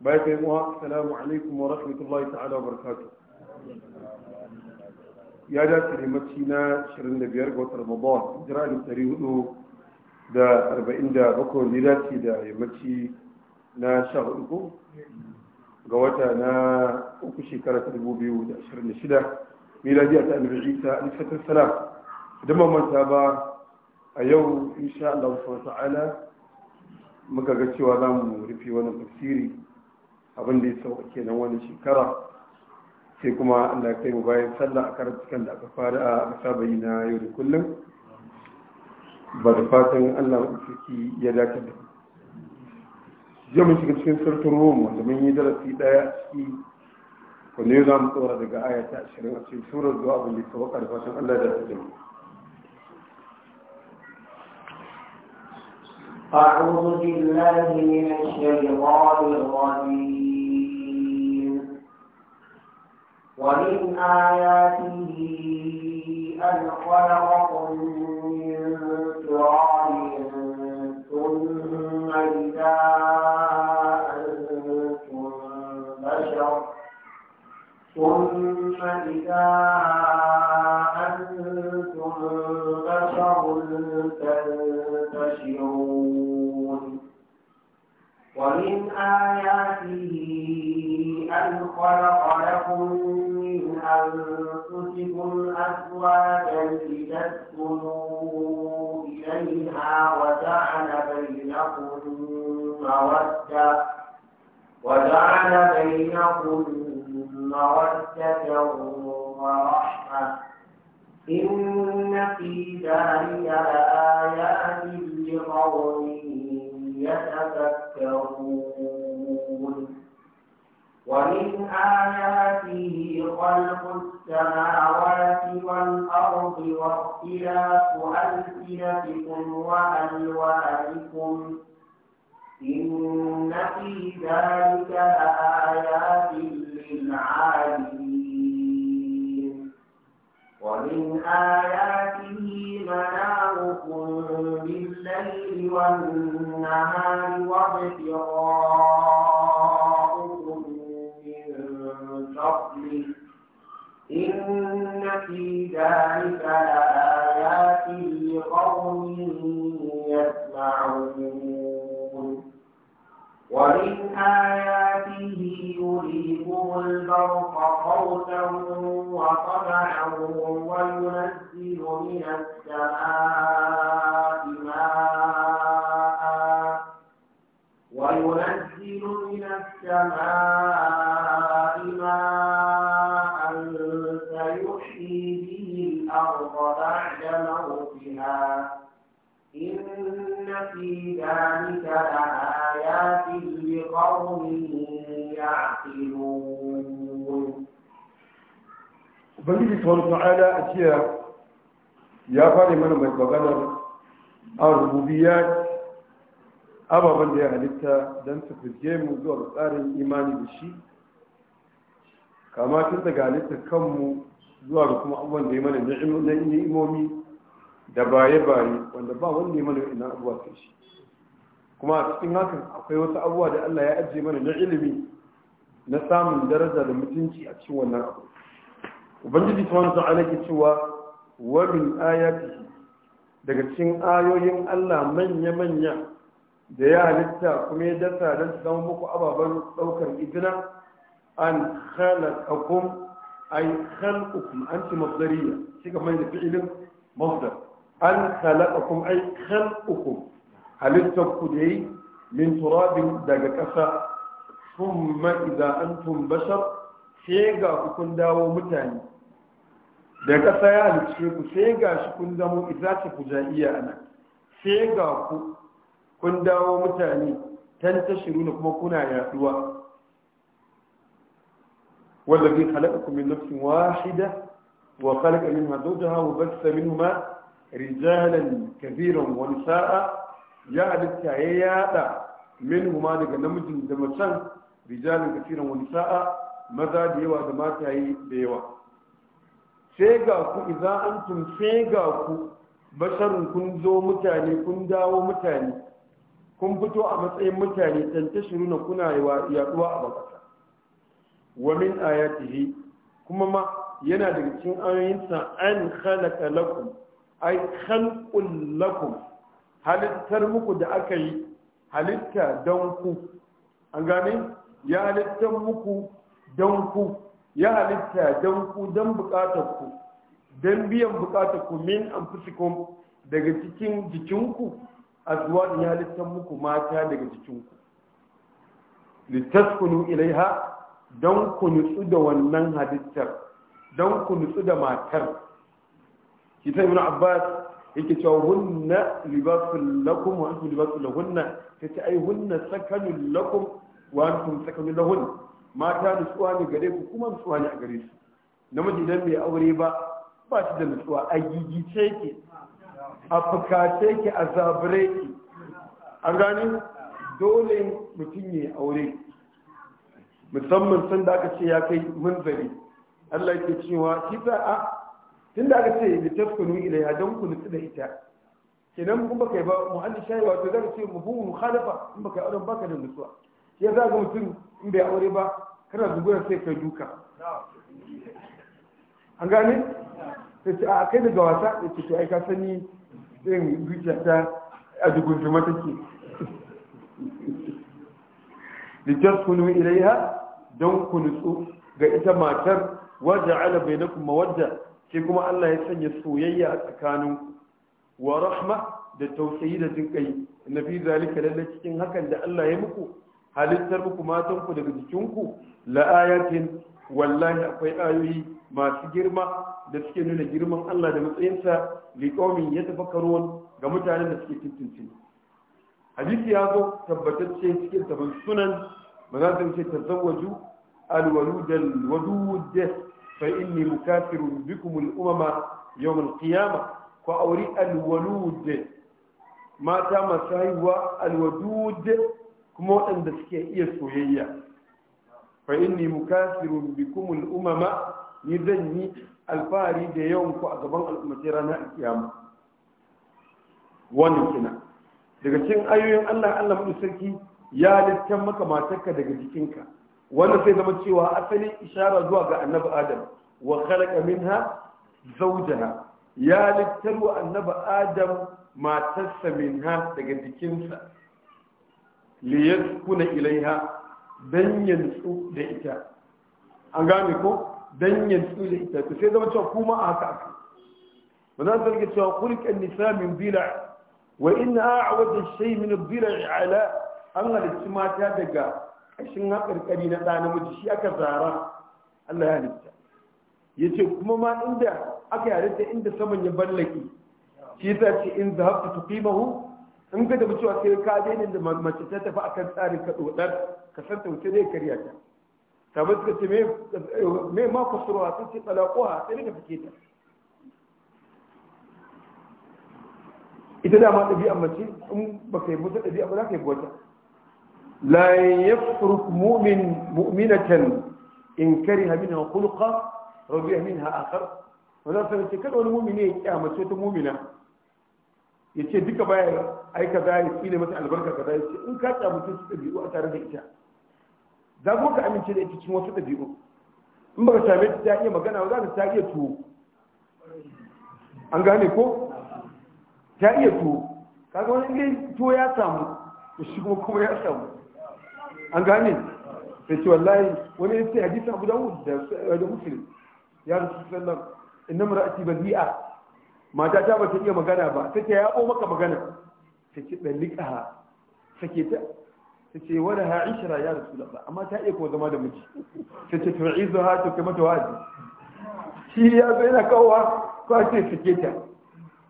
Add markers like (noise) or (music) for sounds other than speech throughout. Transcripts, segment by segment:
bai kai muwa salamu alaikum wa rahmatullahi ta'ala wa barakatu ya dace da mace na 25 ga watan ramadan jira da 400 da 47 ne dace da yammaci na 14 ga wata na uku shekara ta 2026 miladiya ta annabi isa alifatun salam idan mamanta ba a yau insha Allah ta'ala muka ga cewa za mu rufe wannan tafsiri abin da ya sauka kenan wani shekara sai kuma allah kai mu bayan sallah a karatukan da aka fara a saba na yau da kullum ba da fatan allah mafi ya dace da jiya mun shiga cikin sarkin ruwan wanda mun yi darasi daya a ciki wanda yau za mu tsora daga aya ta ashirin a cikin surar zuwa abin da ya sauka da fatan allah ya dace da mu أعوذ بالله من الشيطان الرجيم ومن آياته أن خلقكم من تراب ثم إذا أنتم بشر ثم إذا ومن آياته أن خلق لكم من أنفسكم أزواجا لتسكنوا إليها وجعل بينكم مودة وجعل بينكم مودة ورحمة إن في ذلك لآيات لقوم يتفكرون تتقون ومن آياته خلق السماوات والأرض واختلاف ألسنتكم وألوانكم إن في ذلك لآيات للعالمين ومن آياته منامكم بالليل والنهار وابتغاؤكم من فضله إن في ذلك لآيات لقوم يسمعون ومن آياته يريكم البرق خوفا وطمعا وينزل من السماء ماء وينزل من السماء ماء فيحيي به الأرض بعد موتها في ذلك لآيات لقوم يعقلون Ubangiji Subhanahu ta'ala a jiya ya fara mana mai maganar ar ababen da ya halitta don su fuske mu zuwa tsarin imani da shi kama tun daga halitta kanmu zuwa da kuma abubuwan da ya mana ni'imomi da baye-baye wanda ba wanda mana ina abuwa sai shi kuma a cikin hakan akwai wasu abuwa da Allah ya ajiye mana na ilimi na samun daraja da mutunci a cikin wannan abu ubangiji wani ta'ala ke cewa wa min daga cikin ayoyin Allah manya-manya da ya halitta kuma ya dasa don su zama muku ababen daukar izina an khalaqakum ay khalqukum anti mazdariya shi kamar da fi'ilin mazdar an khalaqakum ay khalqukum halittarku da yi min turabin daga ƙasa thumma an antum bashar sai ga ku kun dawo mutane da ƙasa ya halicce ku sai ga shi kun zamo idza ta iya ana sai ga ku kun dawo mutane Tan tantashiruna kuma kuna yaduwa والذي خلقكم من نفس واحدة وخلق منها زوجها وبث منهما rijalan kafiran wani sa'a ya alifta ya yada min huma daga namijin da macen rijalan kafiran wani sa'a maza da yawa da mataye da yawa sai ga ku idan an tun sai ga ku basharin kun zo mutane kun dawo mutane kun fito a matsayin mutane tantashiru na kuna yaduwa a bakasa wa min ayatihi kuma ma yana daga cikin ayoyinsa an khalaqa lakum ai khalqun lakum halittar muku da aka yi halitta don ku an gane ya halittar muku don ku ya halitta don ku don bukatar ku don biyan bukatar ku min anfusikum daga cikin jikinku azwajin ya halittar muku mata daga jikinku litaskunu ilaiha don ku nutsu da wannan halittar don ku nutsu da matar ita ibn abbas yake cewa hunna libasul lakum wa antum libasul lahunna tace ai hunna sakanul lakum wa antum sakanul lahun mata nutsuwa ne gare ku kuma nutsuwa ne a gare su namiji idan bai aure ba ba shi da nutsuwa a gigice ke a fukace ke a zabire ki an gani dole mutum ya aure musamman sanda aka ce ya kai munzari Allah yake cewa shi za a ah, tunda aka ce li taskunu ilaiha don kunu tsida da ita kenan kuma baka yi ba muhalli shayi wato zaka ce mu buhu khalafa in baka auren baka da nutsuwa ya za ga mutum in bai aure ba kana zugura sai kai duka an gane sai ce a kai daga wasa da ce to ai ka sani irin zuciyarta a dugunjuma take litaskunu ilaiha don kunu tsu ga ita matar waja'ala bainakum mawadda sai kuma Allah ya sanya soyayya a tsakanin wa rahma da tausayi da jinkai na fi zalika lalle cikin hakan da Allah ya muku halittar muku matan ku daga jikinku la ayatin wallahi akwai ayoyi masu girma da suke nuna girman Allah da matsayinsa liqaumin yatafakkarun ga mutanen da suke tuntunci hadisi ya zo tabbatacce cikin taban sunan maza ce tazawwaju alwalud fa inni mukafirun bikum al-umama yawm al-qiyamah ku auri alwalud mata masu haihuwa alwadud kuma waɗanda suke iya soyayya fa inni mukasirun bikum al-umama ni zan yi alfahari da yawan a gaban al'ummatai ranar kiyama kina daga cikin ayoyin Allah Allah mu sarki ya littan maka matarka daga jikinka Wannan sai zama cewa asalin ishara zuwa ga annabi adam wa khalaqa minha zawjaha ya littaru annabi adam matarsa minha daga jikinsa li yaskuna ilaiha dan yantsu da ita an gane ko dan yantsu da ita to sai zama cewa kuma a haka aka wannan sai ke cewa kulkan nisa min bila wa inna a'wada shay min bila ala an halitta mata daga kashin haƙarƙari na ɗa namiji shi aka zara Allah ya halitta ya ce kuma ma inda aka yare ta inda saman ya ballaki shi ta ce in za hafta ta kimahu in ka dabi cewa sai ka daina da mace ta tafi akan tsarin ka ɗoɗar ka san ta wuce zai karya ta tabi suka ce me ma kusurwa sun ce tsalaƙuwa sai da fike ta ita dama ɗabi'a mace in ba ka yi mutu ɗabi'a ba za ka yi wata la yafruk mu'min mu'minatan in kariha minha khulqa wa biha minha akhar wala sai ce kada wani mu'mini ya kyamace ta mu'mina yace duka baya ai kaza ya ne mata albarka ka kaza yace in ka ta mutu su dabi'u a tare da ita za kuma ka amince da ita cikin wasu dabi'u in ba ka same ta iya magana ba za ta iya tuwo an gane ko ta iya tuwo kaga wani ne tuwo ya samu to shi kuma kuma ya samu an gane da ce wallahi wani ya ce hadisi abu dawud da muslim ya rasu sallam inna mar'ati badi'a mata ta ba ta iya magana ba ta ya ko maka magana ta ce dalika sake ta ta ce wani ha ishira ya rasu lalla amma ta iya ko zama da miji ta ce tur'izu ha ta kuma ta wa'azi shi ya zo yana kawowa ko a ce sake ta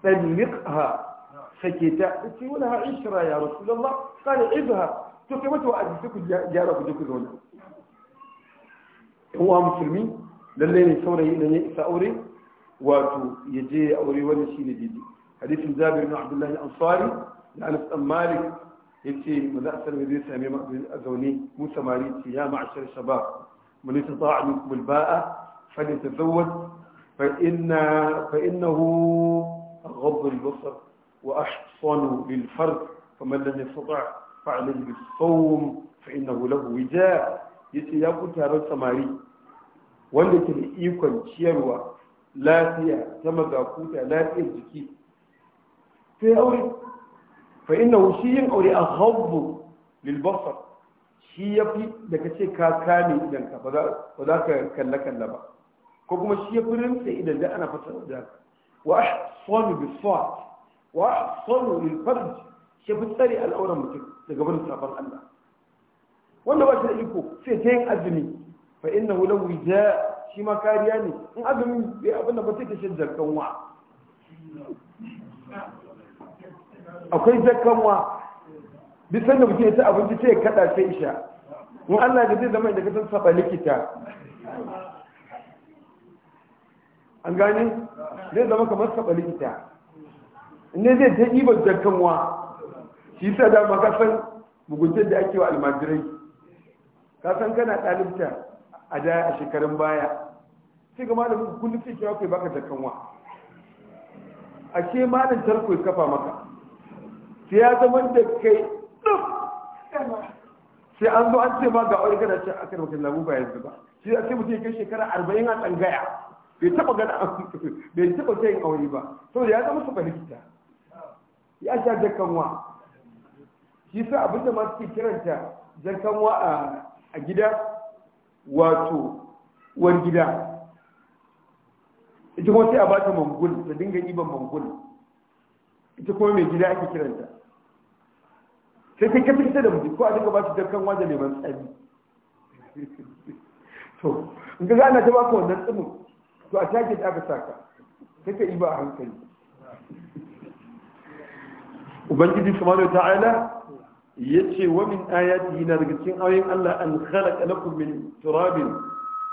dalika sake ta ta ce wani ha ishira ya rasu lalla kare izu ha to kai mata wa'azi sai ku gyara ku je ku zauna in wa musulmi lallai ne saurayi idan ya isa aure wato ya je ya aure wannan shine daidai hadisin Jabir bin Abdullah al-Ansari da Anas bin Malik yace maza asar ne zai same mu a zaune mu samari ce ya ma'ashar shabab man istata'a minkum al-ba'a falyatazawwaj fa inna fa innahu غض البصر وأحصن للفرد فمن لم يستطع fa'alin bi tsawon fa'inahu lahu wija ya ce ya ku taron samari wanda ke da ikon ciyarwa lafiya ta magakuta lafiyar jiki sai aure fa'inahu shi yin aure a habbu lilbasar shi ya fi daga ce ka kame idanka ba za ka kalla-kalla ba ko kuma shi ya fi rinsa idan da ana fata da wa ahsanu bi sawt wa ahsanu lil farj ke fi tsare al'auran mutum daga barin sabon Allah wanda ba shi da iko sai ta yin azumi fa inna hu lahu shi ma kariya ne in azumi bai abin da ba sai ta shi zakkan wa akwai zakkan wa duk sanda mutum ya ci abinci sai ya kada sai isha in Allah ga zai zama inda ka san saba likita an gane zai zama kamar saba likita ne zai ta ibar zakkan wa shi sa da maka san muguntar da ake wa almajirai ka san kana ɗalibta a da a shekarun baya sai ga malamin kullum sai kira kai baka zakanwa a ke malin tarko ya kafa maka sai ya zama da kai sai an zo an ce ma ga aure kana ce aka da mutum lamu ba yanzu ba shi sai mutum ya kai shekara arba'in a tsangaya bai taɓa gana bai taɓa ta yin aure ba saboda ya zama su likita ya sha jakanwa shi sa abin da masu ke kiranta zarkanwa a gida wato uwar gida ita kuma sai a bata mangul da dinga iban mangul ita kuma mai gida ake kiranta sai kai kafin ta da mutu ko a dinga ba ta zarkan da neman tsari (laughs) to in ga ana ta baka wannan tsimin to a take da ka saka sai ka iba a hankali ubangiji subhanahu wa ta'ala yace wa min ayati na daga cikin ayoyin Allah an khalaqa lakum min turabin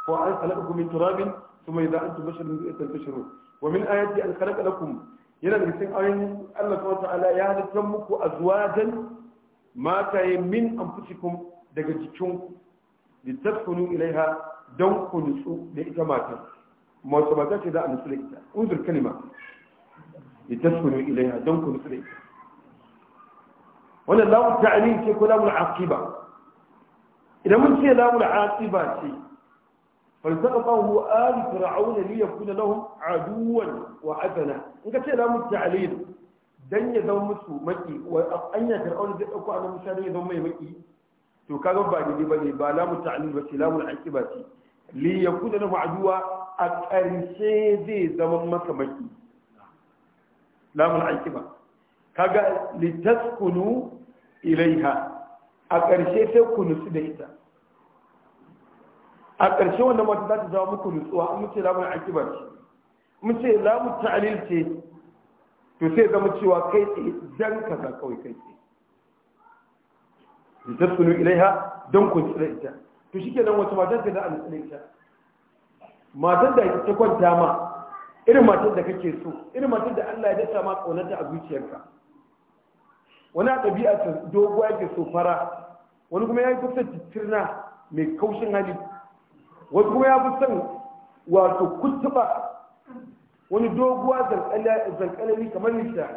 ko an khalaqakum min turabin thumma idza antum basharun tanfashirun wa min ayati an khalaqa lakum yana daga cikin ayoyin Allah subhanahu wa ta'ala ya halitta muku azwajan mata min anfusikum daga jikinku littafinu ilaiha dan ku nutsu da ita matan mace mata ce da a nutsu da ita uzur kalima littafinu ilaiha dan ku nutsu da ita wannan lamun ta'lil ce ko lamun aqiba idan mun ce lamun aqiba ce فالتقطه آل فرعون ليكون لهم عدوا وعدنا إن كنت لهم التعليل دن يدوم مسو zai وأن فرعون زي أكو ya zama mai مكي to kaga ba daidai ba ne ba lamun ta'lil ba ce lamu ce li yakuna lahu aduwa a ƙarshe zai zama maka maki lamu al'aqiba kaga litaskunu ilaiha a ƙarshe sai ku nutsu da ita a ƙarshe wanda mata za ta zama muku nutsuwa mun ce zamu akibar ce mace ce za mu ta'alil ce to sai zama cewa kai tsaye dan kaza kawai kai tsaye litaskunu ilaiha don ku nutsu da ita to shi kenan wata matar ka za a nutsu da ita matar da ta kwanta ma irin matar da kake so irin matar da Allah ya dasa ma ƙaunata a zuciyarka wani a ɗabi'arsa doguwa yake so fara wani kuma ya yi kusa titirna mai kaushin hali wani kuma ya fi son wato kutuba wani doguwa zankalari kamar nisha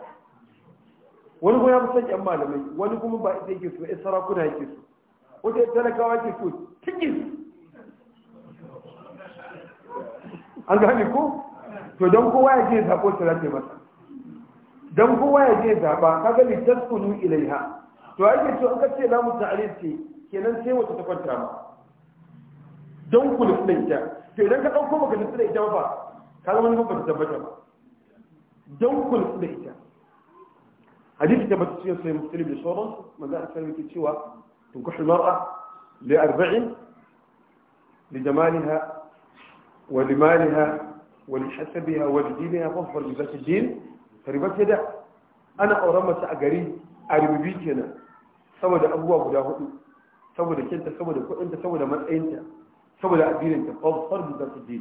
wani kuma ya fi son yan malamai wani kuma ba ita yake so ya sarakuna yake so wata ya talakawa yake so tikin an gane ko to don kowa ya je zaɓo su rafe masa dan kowa ya je zaba kaga litaskunu ilaiha to ake to an kace lamu ta'alil ce kenan sai wata ta kwanta ma dan ku din ta to idan ka dauko maka nutsu da ita ba ka zama nufin bata tabbata ba dan ku nutsu ta hadisi ta tabbata cikin sai muslim da sauransu manzo a sarrafa ke cewa tunkuhu mar'a li arba'in li jamalha wa limalha wa wa dinha ولدينها فاظفر بذات الدين riba ce da ana auren mace a gari a rububi kenan saboda abubuwa guda hudu saboda kinta saboda kudinta saboda matsayinta saboda addininta fasfar da za su je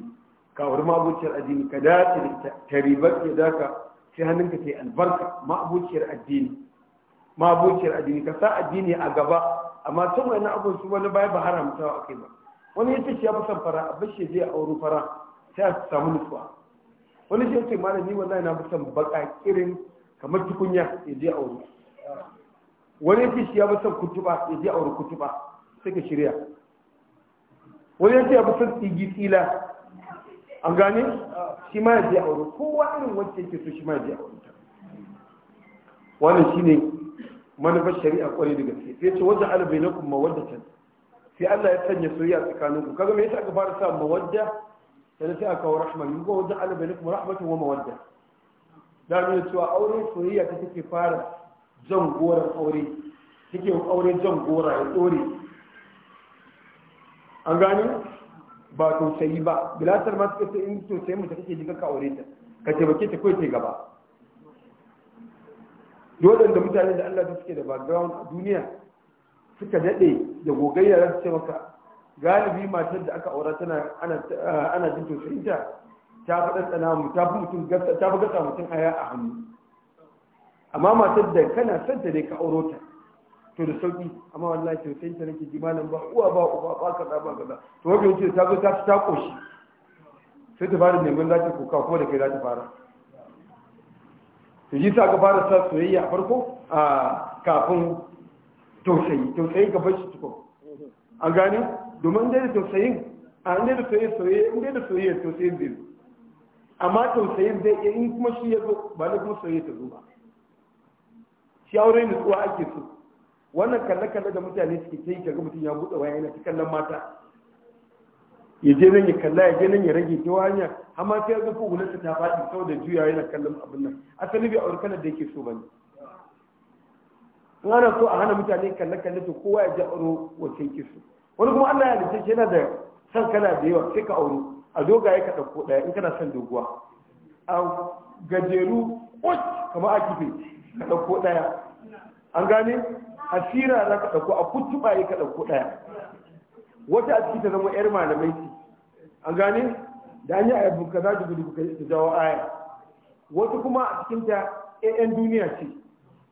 ka auri ma'abuciyar addini ka dace da ita ta riba ce da ka sai hannunka ta yi albarka ma'abuciyar addini ma'abuciyar addini ka sa addini a gaba amma tun wani abun su wani baya ba haramtawa a kai ba wani ya ce shi ya fi son fara a bashi je a auri fara sai a samu nutsuwa wani shi ce malami wallahi na musan baka kirin kamar tukunya ya je aure wani yake shi ya musan kutuba ya je aure kutuba sai ka shirya wani yake ya musan tsigi tsila an gane shi ma ya je aure kowa irin wacce yake so shi ma ya je aure wannan shine manufar shari'a kwarai da gaske sai ce wajen albainakum mawaddatan sai Allah ya sanya soyayya tsakaninku kaga me yasa aka fara sa mawadda sai sai aka wa rahma yugo wa ja'ala bainakum rahmatan wa mawadda da ne cewa aure soyayya ta take fara jan gora aure take aure jan gora ya tsore an gani ba tausayi ba bilatar ma suka ce in mu ta kake jiga ka aure ta ka taimake ta kawai gaba dole da mutane da Allah da suke da background a duniya suka daɗe da gogayya za ce maka galibi matar da aka aura tana ana jin tosirin ta fi ɗanɗana mu ta fi mutum ta fi gasa mutum aya a hannu amma matar da kana son ta ne ka auro ta to da sauki amma wallahi ta nake ji malam ba uwa ba uwa ba ka ba ka to wajen ce ta zo ta ta koshi sai ta fara neman za ta kuka ko da kai za ta fara to yi sa ka fara sa soyayya a farko a kafin tausayi tausayi ka bar shi tukun an gane domin dai da tausayin a ne da soyayya soyayya dai da soyayya tausayin zai amma tausayin zai iya in kuma shi ya zo ba na kuma soyayya ta zo ba shi aure nutsuwa ake so wannan kalle-kalle da mutane suke ta yi kaga mutum ya buɗe waya yana ta kallon mata ya je nan ya kalla ya je nan ya rage ta hanya amma sai ya zafi hularsa ta faɗi saboda juya yana kallon abin nan asali bai aure kalar da yake so ba ne in ana so a hana mutane kalle-kalle to kowa ya ji aure wacce yake so wani kuma Allah ya halitta shi yana da san kana da yawa sai ka aure a dogaye ka ɗauko ɗaya in kana son doguwa a gajeru ƙwai kamar a kife ka ɗauko ɗaya an gane a sira za ka ɗauko a kuttuɓaye ka ɗauko ɗaya wata a ciki ta zama 'yar malamai ce an gane da an yi a yabu ka za gudu da jawo aya wata kuma a cikin ta 'yan duniya ce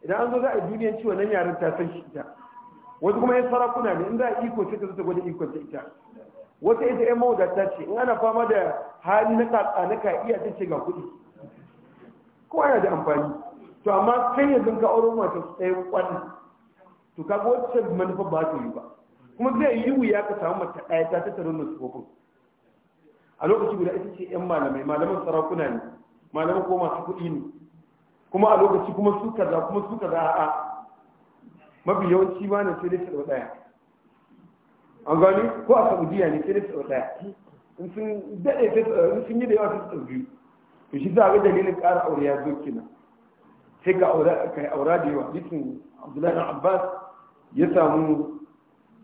idan an zo za a yi duniyan ciwo nan yaren ta san shi ita wasu kuma yan sarakuna ne in za a iko ce ta zata gwada ikon ta ita wata ita yan mawadata ce in ana fama da hali na kaka na ka iya ta ce ga kuɗi ko ana da amfani to amma kan yanzu ka auren mata tsayin kwan to ka ga wacce manufa ba ta yi ba kuma zai yi wuya ka samu mata ɗaya ta tattara su kofin a lokaci guda ita ce yan malamai malaman sarakuna ne malaman ko masu kuɗi ne kuma a lokaci kuma su kaza kuma su kaza a'a mafi yawanci ba na sai dai sau ɗaya an gani ko a saudiya ne sai dai sau ɗaya in sun daɗe in sun yi da yawa sai sau biyu to shi za a ga dalilin ƙara aure ya zo kina sai ka aura da yawa jikin abdullahi abbas ya samu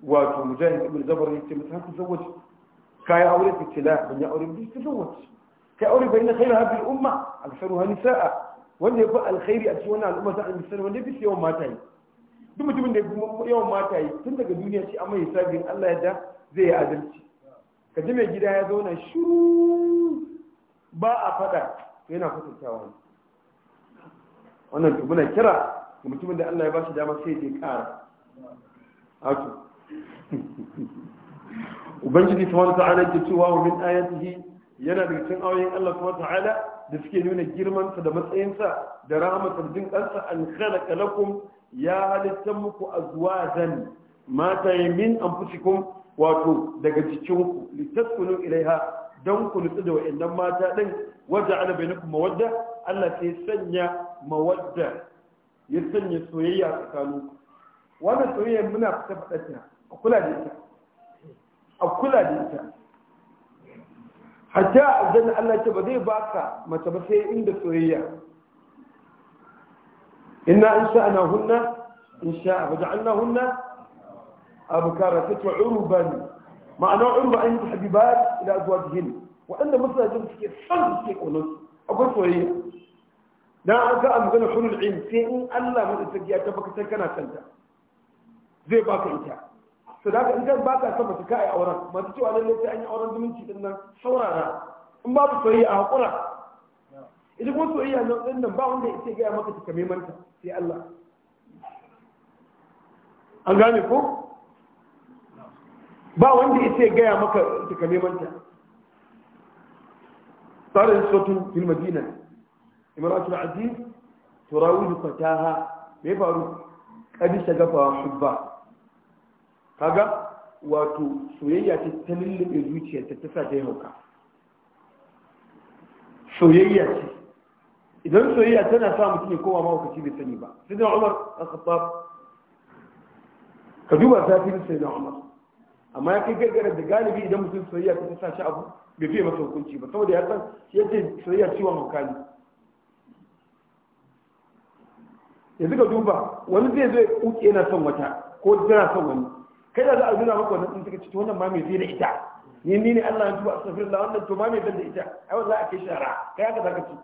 wato mujahid ibn zabar ya ce masa haka zawaci kai aure ta ce ban ya aure ba ta zawaci kai aure bai na kaiwa hafi al-umma aktharuha nisaa wanda ya yafi alkhairi a cikin wannan al'umma ta annabi misali wanda wasallam wanda yawan mata ne duk mutumin da yawan mata yi tun daga duniya ce amma hisabin Allah yadda zai yi adalci ka ji mai gida ya zauna shiru ba a faɗa to yana kwatantawa ne wannan to muna kira ga mutumin da Allah ya ba shi dama sai ya ƙara haka (laughs) ubangiji subhanahu ta'ala ke cewa wa min ayatihi yana daga cikin ayoyin Allah wata ta'ala da suke nuna girman sa da matsayinsa da rahmatar jin kansa an khalaqa lakum ya halitta muku azwajan mata min anfusikum wato daga cikinku litaskunu ilaiha Dan ku nutsu da wayannan mata din wajen ala bainakum mawadda Allah sai sanya mawadda ya sanya soyayya tsakaninku wannan soyayya muna fita faɗa a kula da ita a kula da ita hatta azan Allah ce ba zai baka mace ba sai inda soyayya إنا أنشأناهن إنشاء فجعلناهن أبكارا تتوى عربا معنى عربا أن يتحببات إلى أزواجهن وأن مثلا جمت كي صنع كي قلت أقول سوية لا أنت أمغنى حلو العلم سيئن ألا من أتجي أتبك تكنا سنتا زي باك إنتا صداك إنتا باك أتبك كاي أوران ما تتوى أن التي أن أوران دمين تتنا صورا إن باب سوية أهقرا Idan wasu soyayya na ɗan nan ba wanda ya gaya maka kame manta sai Allah an gane ko ba wanda ya ce gaya maka ta kame manta tsarin sautu fil madina imaratul aziz turawidu fataha me faru kadi shagafa hubba kaga wato soyayya ce ta lullube zuciyarta ta sa ta yi hauka soyayya ce idan soyayya tana sa mutum ya koma mahaukaci bai sani ba sai da umar a khattab ka duba fi sai da umar amma ya kai gargara da galibi idan mutum soyayya ta sa shi abu bai fiye masa hukunci ba saboda ya san yadda soyayya ciwon hankali yanzu ka duba wani zai zai uke yana son wata ko tana son wani kai da za a nuna maka wannan suka ce wannan ma mai zai da ita ni ni ne Allah ya tuba astaghfirullah wannan to ma mai zan da ita ai wallahi a kai shara kai haka zaka ci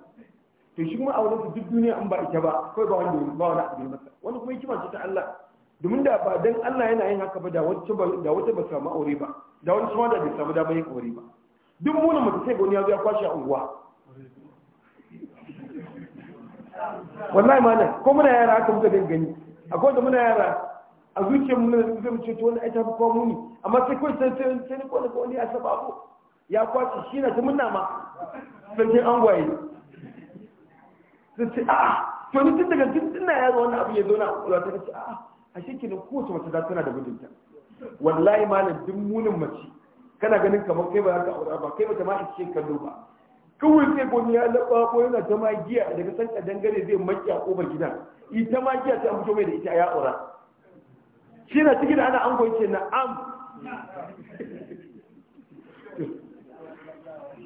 to shi kuma a wani duk duniya an ba ita ba kai ba wani ba wani abu ne masa wani kuma hikima ce ta Allah domin da ba dan Allah yana yin haka ba da wata ba da wata ba samu aure ba da wani kuma da bai samu da bai aure ba duk muna mu sai goni ya zo ya kwashi a unguwa wallahi ne ko muna yara haka muka dinga gani akwai da muna yara a zuciyar mu zai mu ce to wani aita ko muni amma sai kawai sai sai sai ko ne ko ni a sababu ya kwashi shi na ta munna ma sai an gwaye sai a to ni tun daga tun ina zo wannan abu ya zo na kula ta ce a'a a shi ne kowace mace za tana da mijinta wallahi malam duk munin mace kana ganin kamar kai ba za ka aura ba kai ba ta ma ce kallo ba kawai sai ko ya laba ko yana ta ma giya daga san ka dangane zai maki a kofar gidan ita sai ta fito mai da ita ya aura shi na cikin ana an goyi na am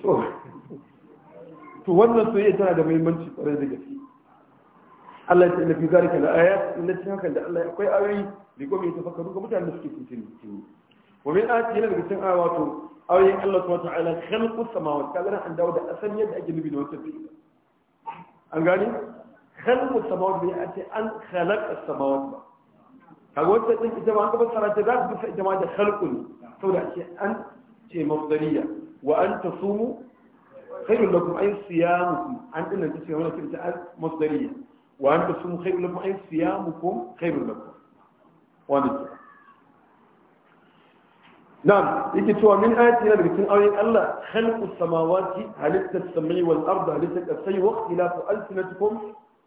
(laughs) to wannan soyayya tana da muhimmanci kwarai da gaske Allah ya tsaye fi zalika la ayat inna cikin hakan da Allah akwai ayoyi da kuma ya tafakkaru ga mutanen da suke tuntuni cikin wa min ayati yana daga cikin aya wato ayoyin Allah subhanahu wa ta'ala khalqus samawati kaga an dawo da asan yadda ake nubi da wannan tafiya an gane khalqus samawati bai a ce an khalaqa samawati ba kaga wannan din ita ma an gaba sarata za ta bisa ita ma da khalqun saboda a ce an ce mafdariya wa an tasumu خير لكم أي صيامكم عندنا تسمى هنا تسمى مصدرية وأن سمو خير لكم أي صيامكم خير لكم وأن نعم يجي توا من هنا آية بيقول أولي الله خلق السماوات هل السماء والأرض هلت وقت إلى ألسنتكم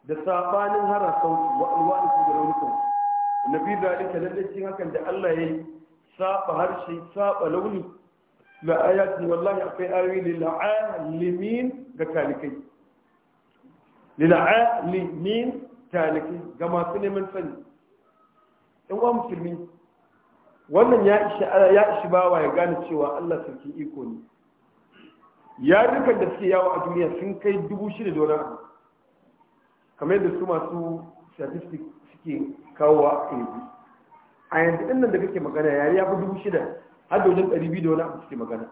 دسابان هرا صوت وألوان ولونكم النبي ذلك لن يجي هكذا الله ساق هرشي ساق لوني la ayatin wallahi ayi lil alimin ga talikai alimin talikai ga masu neman sani in wa musulmi wannan ya ishi ya ishi bawa ya gane cewa Allah sarki iko ne ya dukan da suke yawo a duniya sun kai dubu shida da wani abu kamar yadda su masu statistic suke kawo a yanzu a yanzu inda da kake magana yari ya fi dubu shida har da wajen ɗari biyu da wani abu suke magana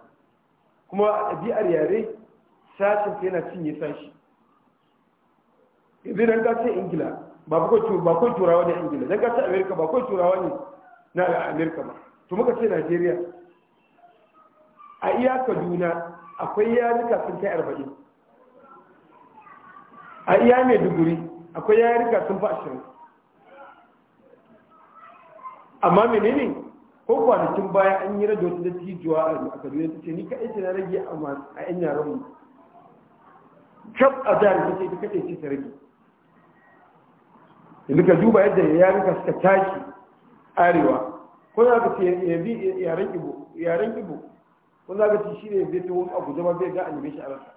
kuma a ɗabi'ar yare sashen yana cinye sashi yanzu nan ka ce ingila ba ko turawa ne ingila nan ka ce amerika ba ko turawa ne na amerika ba to muka ce najeriya a iya kaduna akwai yarika sun kai arba'in a iya maiduguri akwai yarika sun fi ashirin amma menene ko kwanakin baya an yi rajo da tijuwa a kaduna ta ce ni kaɗai ce na rage a yan yaran mu kaf a jihar ta ce ita kaɗai ce ta rage yanzu ka duba yadda yarinka suka tashi arewa ko za ka ce bi yaren ibo yaren ibo ko za ka ce shi ne zai ta wani abu zama zai ga anime shi a rasa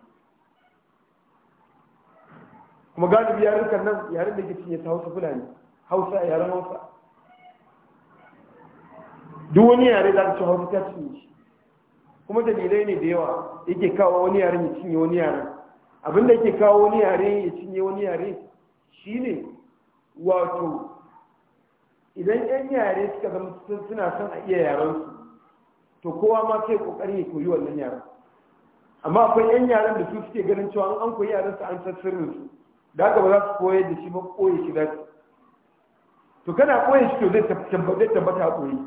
kuma galibi yarinkan nan yaren da ke cinye ta hausa fulani hausa a yaren hausa duk wani yare za ta cikin hausa ta shi kuma dalilai ne da yawa yake kawo wani yare ya cinye wani yare abinda yake kawo wani yare ya cinye wani yare shine wato idan yan yare suka zama suna son a iya yarensu to kowa ma sai kokari ya koyi wannan yaren amma akwai yan yaren da su suke ganin cewa an koyi yaren su an san sirrin su da haka ba za su koyar da shi ba koyi shi da to kana koyi shi to zai tabbata koyi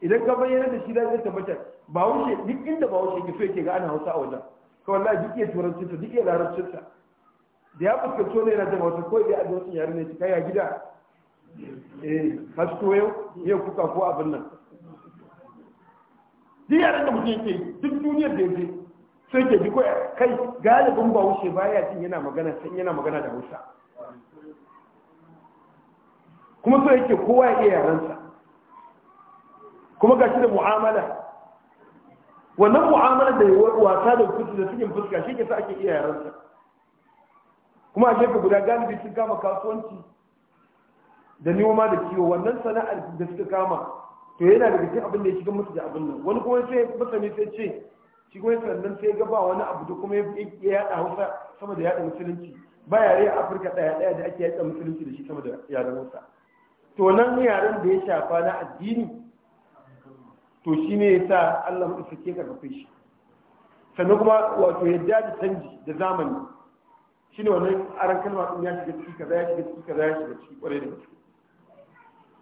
idan ka bayyana da shi zai tabbatar ba wuce duk inda ba wuce ke so yake ga ana hausa a wajen ka wallahi duk ya turancin cinta duk ya larar cinta da ya fuskanci wani yana jama wata kawai da ya ajiye wasu yare ne kai ya gida eh hasko yau ya kuka ko abin nan duk yaran da mutum yake duk duniyar da yake sai ke ji koya kai galibin ba wuce ya jin yana magana sai yana magana da hausa kuma so yake kowa ya iya yaransa kuma ga shi da mu'amala wannan mu'amala da wasa da kudu da cikin fuska shi ke sa ake iya yaransa kuma a shekaru guda galibi sun kama kasuwanci da noma da kiwo wannan sana'ar da suka kama to yana daga cikin abin da ya shiga musu da abin nan wani kuma sai mutane sai ce shi kuma nan sai ga ba wani abu da kuma ya yada hausa sama da yada musulunci ba yare a afirka daya daya da ake yada musulunci da shi sama da yaren hausa to nan yaren da ya shafa na addini to shi ne ya sa Allah mu sake karfafe shi sannan kuma wato yadda da canji da zamani shi ne wannan aran kalma ɗin ya shiga ciki kaza ya shiga ciki kaza ya shiga ciki kwarai da gaske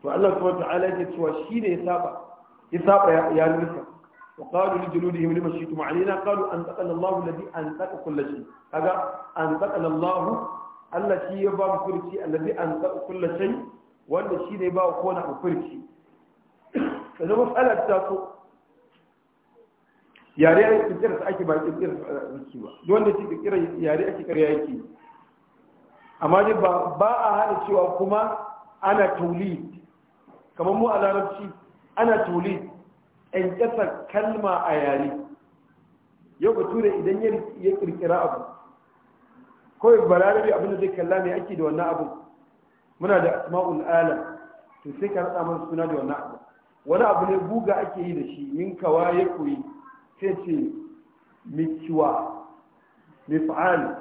to Allah subhanahu ta'ala ya cewa shi ne ya saba ya saba ya nufa wa qalu li juludihim lima shi'tum alaina qalu an taqala Allahu alladhi an taqa kulli shay kaga an taqala Allahu Allah shi ya ba mu furci alladhi an taqa kulli shay wanda shi ne ya ba kowane furci sannan matsalar ta so yare a kirkirar ta ake ba kirkirar arziki ba wanda ce kira yare ake karya yake amma ne ba a hana cewa kuma ana tauli kamar mu a larabci ana tauli in kasa kalma a yare yau ba tura idan ya kirkira abu kawai abin da zai kalla ne ake da wannan abu muna da asma'ul ala to sai ka rasa mana suna da wannan abu wani abu ne guga ake yi da shi yin kawa ya koyi sai ce mikiwa mif'al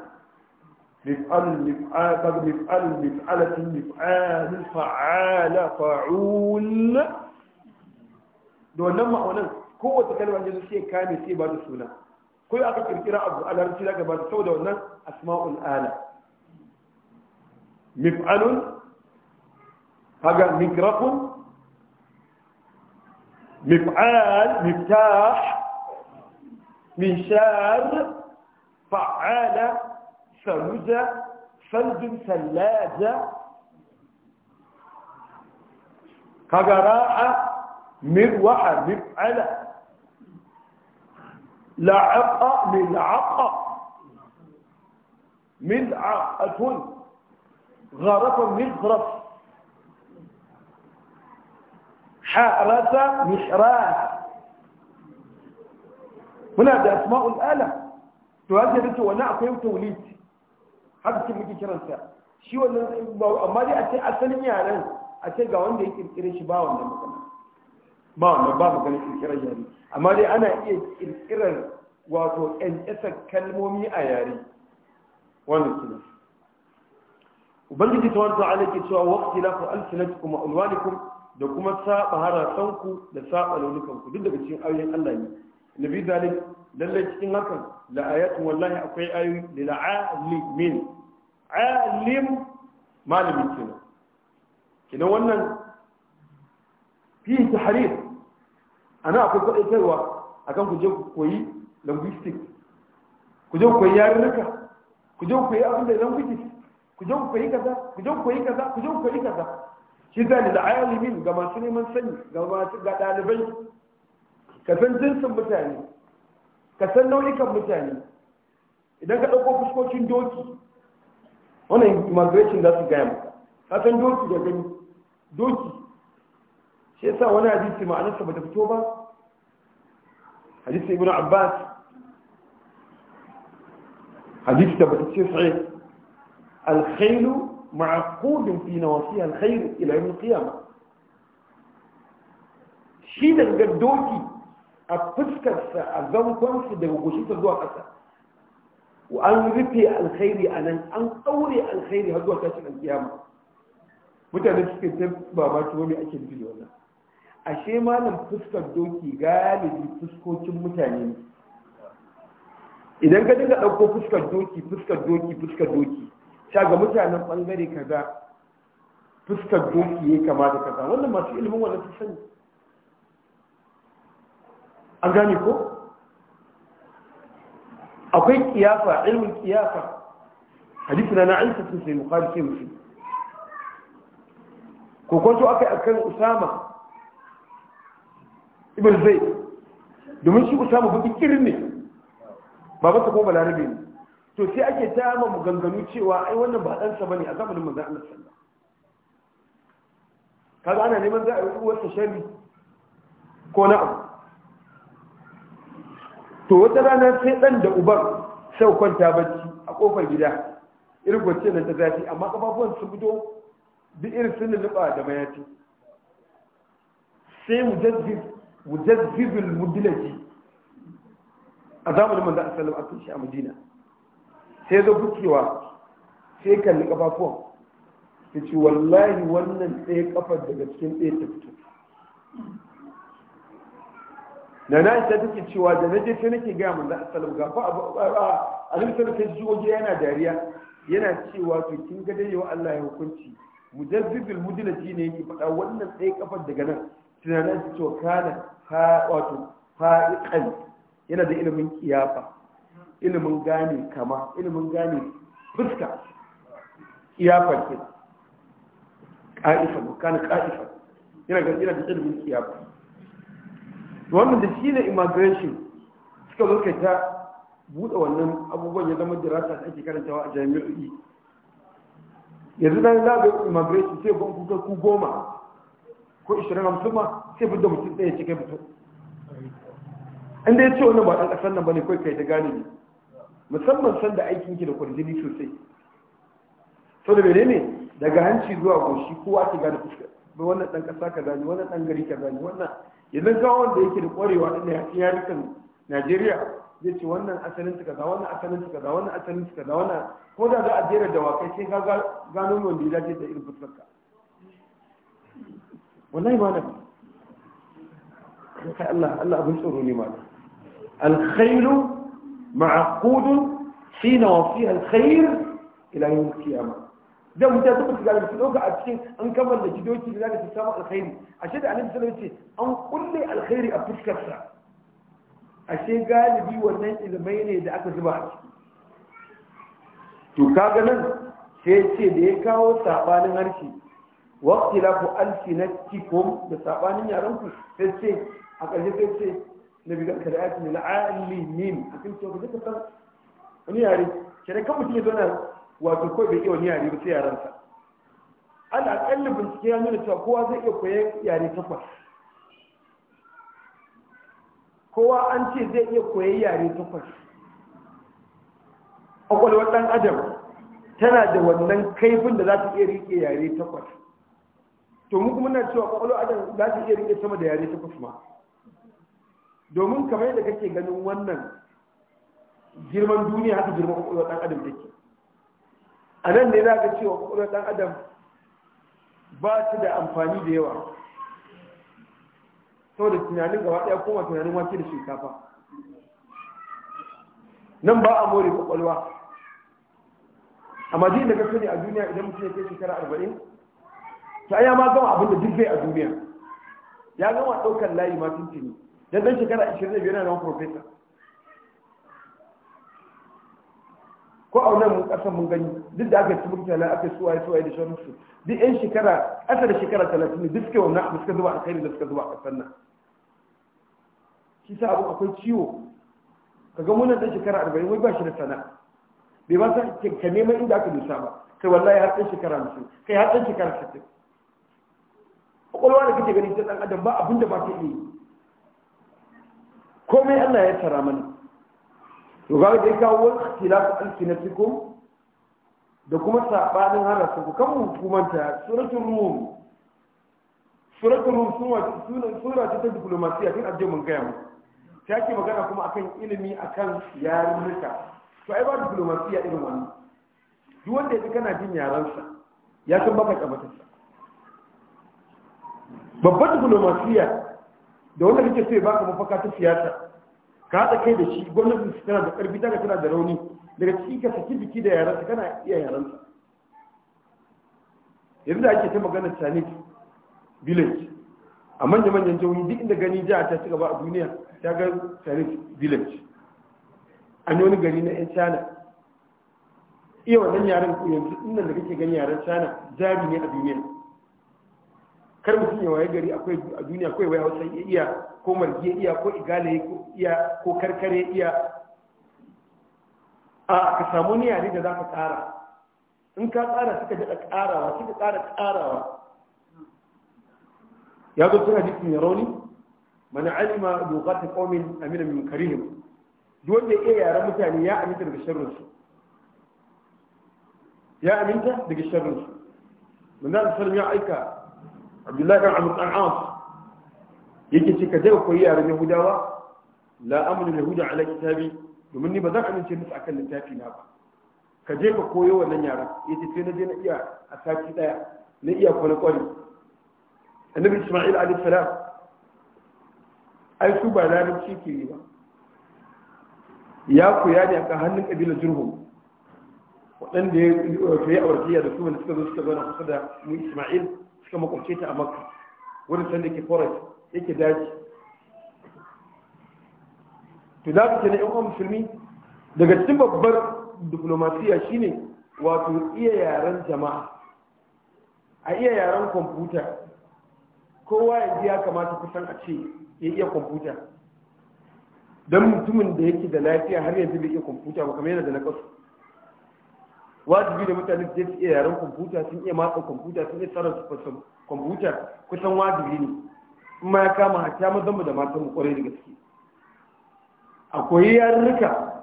mif'al mif'al mif'al mifal, mif'al mifal, fa'ul da wannan ma'aunan kowace kalmar da sai kame sai ba da suna ko aka kirkira abu a larabci daga ba da saboda wannan asma'ul ala mif'alun haga mikrafun مفعال مفتاح شار فعالة ثلجة ثلج ثلاجة كقراءة مروحة مفعلة لعقة ملعقة ملعقة غرفة مغرف harasa mihras muna da asma'ul ala to haka da to wannan akwai tawlid haka ce muke kiransa shi wannan ba amma dai a ce asalin yaran a ce wanda ya kirkire shi ba wannan magana ba wannan ba magana kirkirar yare amma dai ana iya kirkirar wato ƴanƴasa kalmomi a yare wannan kina ubangiji ta ke cewa waqti lafu alsinatukum da kuma saba harasanku da saba launukanku duk daga cikin ayoyin Allah ne nabi zalim lallai cikin hakan la ayatu wallahi akwai ayoyi lil alimin alim malami kenan kenan wannan fi tahrir ana akwai kwadaitarwa akan ku je ku koyi linguistics ku je ku koyi yarurruka ku je ku koyi abin da linguistics ku je ku koyi kaza ku je ku koyi kaza ku je ku koyi kaza shi zai da alimin ga masu neman sani ga masu ga dalibai ka san jinsin mutane ka san nau'ikan mutane idan ka ɗauko fuskokin doki wannan immigration za su gaya ma, ka san doki da gani doki shi yasa wani hadisi ma'anarsa bata fito ba hadisi ibn abbas hadisi da bata ce sai alkhairu معقود في نواصيها الخير إلى يوم القيامة shi daga doki a fuskarsa a zankonsa daga goshinsa zuwa ƙasa an rufe alkhairi a nan an ɗaure alkhairi har zuwa tashin alkiyama mutane suke ta babaki wani ake nufi da wannan ashe malam fuskar doki galibi fuskokin mutane idan ka dinga ɗauko fuskar doki fuskar doki fuskar doki sha ga mutanen bangare kaza fuskar doki ya kamata kaza wannan masu ilimin wannan su sani an gane ko akwai kiyafa ilmin kiyafa hadisi na aisha sun sai bukhari sai musu ko kwanto akai akan usama ibn zaid domin shi usama baki kirin ne babansa ko balarabe ne to sai ake ta ma maganganu cewa ai wannan ba ɗansa ba ne a zamanin manzan Allah sallallahu kaga ana neman za a yi uwarsa shari ko na abu to wata rana sai ɗan da uban sau kwanta bacci a ƙofar gida irin kwanciyar nan ta zafi amma ƙafafuwan sun fito duk irin sun lulluɓa da mayafi sai mujazzibin mudilaji a zamanin manzan Allah sallallahu alaihi wasallam a kan shi a Madina sai ga bukewa sai kalli kafafuwan ta ce wallahi wannan ɗaya kafar daga cikin ɗaya ta fito da na isa take cewa da na je sai nake gaya manzo sallallahu ga fa a nan sai ta ji waje yana dariya yana cewa to kin ga dai Allah ya hukunci mujazzibul mudlati ne yake faɗa wannan ɗaya kafar daga nan tunanin ta cewa kana ha wato fa'iqan yana da ilimin kiyafa ilimin gane kama ilimin gane fuska ya farke ƙa'ifa kana ƙa'ifa yana ga yana da ilimin kiyafa wannan da shi ne immigration suka zo kai ta buɗe wannan abubuwan ya zama dirasa da ake karantawa a jami'o'i yanzu na za ga immigration sai ban kuka ku goma ko ishirin hamsin ma sai fi da mutum ɗaya cikin mutum inda ya ce wannan ba ɗan ƙasar nan ba ne kai ta gane ne musamman da aikin ki da kwarjini sosai so da ne daga hanci zuwa goshi kowa ke gane ba wannan dan kasa ka gani, wannan dan gari ka gani. wannan yanzu ga wanda yake da kwarewa din ya tsaya yarukan Najeriya zai ce wannan asalin su kaza wannan asalin su kaza wannan asalin su kaza wannan ko da za a jera wakai sai ka gano wanda ya dace da irin fuskar ka wallahi ba. na kai Allah Allah abin tsoro ne ma alkhairu معقود حين وفيها الخير إلى يوم القيامة da mutum ta kuka ga su dauka a cikin an kamar da kidoki da zaka samu alkhairi ashe da annabi an kulle alkhairi a fuskar ashe galibi wannan ilmai ne da aka zuba a ciki to kaga sai ce da ya kawo sabanin harshe waqtilafu alsinatikum da sabanin yaran ku sai a ƙarshe sai nabi ga ka da ayatu lil alimin akin to ga ka san wani yare kire kan mutum zo nan wato ko bai iya wani yare ba sai yaransa ala akalli bincike ya nuna cewa kowa zai iya koyan yare takwas kowa an ce zai iya koyan yare takwas kwakwalwar ɗan adam tana da wannan kaifin da za ta iya riƙe yare takwas to mu kuma na cewa kwakwalwar adam za ta iya riƙe sama da yare takwas ma domin kamar yadda kake ganin wannan girman duniya haka girman kwakwalwar ɗan adam take a nan ne za ka cewa kwakwalwar dan adam ba su da amfani da yawa saboda tunanin gaba ɗaya koma tunanin wake da shinkafa nan ba a more kwakwalwa amma jin da ka sani a duniya idan mutum ya kai shekara arba'in ta ya ma gama abin da duk bai a duniya ya gama ɗaukar layi ma tuntuni dan dan shekara 25 yana nan profesa ko a wannan kasan mun gani duk da aka ci mutunta nan aka suwaye suwaye da shan su duk yan shekara ƙasa da shekara 30 duk suke wannan abu suka zuba a kai da suka zuba a kasan nan shi sa abu akwai ciwo kaga mun dan shekara 40 wai ba shi da sana'a bai ba sa ka neman inda aka dusa ba kai wallahi har ɗan shekara 50 kai har ɗan shekara 60 kwakwalwa da kake gani ta ɗan adam ba abin da ba ta iya yi komai Allah ya tara mana to ga da kawo ikhtilafu alsinatikum da kuma sabanin harasu ku kan hukumanta suratul rum suratul rum sura ce ta diplomasiya tun ajiye mun gaya muku ta ke magana kuma akan ilimi akan yarurruka to ai ba diplomasiya irin wannan duk wanda ya kana jin yaransa ya san baka kabatarsa babbar diplomasiya da wanda kake so ya baka mafaka ta siyasa ka haɗa kai da shi gwamnatin su tana da ƙarfi tana tana da rauni daga ciki ka saki biki da yaransa kana iya yaransa yanzu da ake ta magana sanik village a manya manyan jihohi duk inda gani jiha ta ci gaba a duniya ta ga sanik village an yi wani gari na yan china iya wannan yaren yanzu inda da kake gani yaren china jari ne a duniya kar mutum ya waye gari akwai a duniya akwai waye hausa ya iya ko margiya iya ko igala iya ko karkare iya a ka samu ni yare da za ka tsara in ka tsara suka daɗa ƙarawa suka tsara ƙarawa ya zo tun hadisi mai rauni mana alima lugatin komin amina min karihim duk da iya yaren mutane ya aminta daga sharrin ya aminta daga sharrin su manzo ya aika abdullahi kan amur an'am yake ce ka daga koyi yaren yahudawa la amuru yahuda ala kitabi domin ni ba zan amince musu akan littafi na ba ka je ka koyo wannan yaran yace sai na je na iya a sati daya na iya kwale-kwale. annabi isma'il alaihi salam ai su ba larabci ke yi ba ya koya ne akan hannun kabilar jurhum waɗanda ya yi ya aurkiya da su wanda suka zo suka zauna kusa da mu Ismail suka makwabce ta a makka wurin can da ke forest yake daji to za su ce na musulmi daga cikin babbar diplomasiya shine wato iya yaren jama'a a iya yaren kwamfuta kowa ya ji ya kamata kusan a ce ya iya kwamfuta don mutumin da yake da lafiya har yanzu bai iya kwamfuta ba kamar yana da na kasu wajibi da mutane da su iya yaren kwamfuta sun iya matsa kwamfuta sun iya tsara kwamfuta kusan wajibi ne ma ya kama a mazan mu da matan mu kwarai da gaske A koyi yarurruka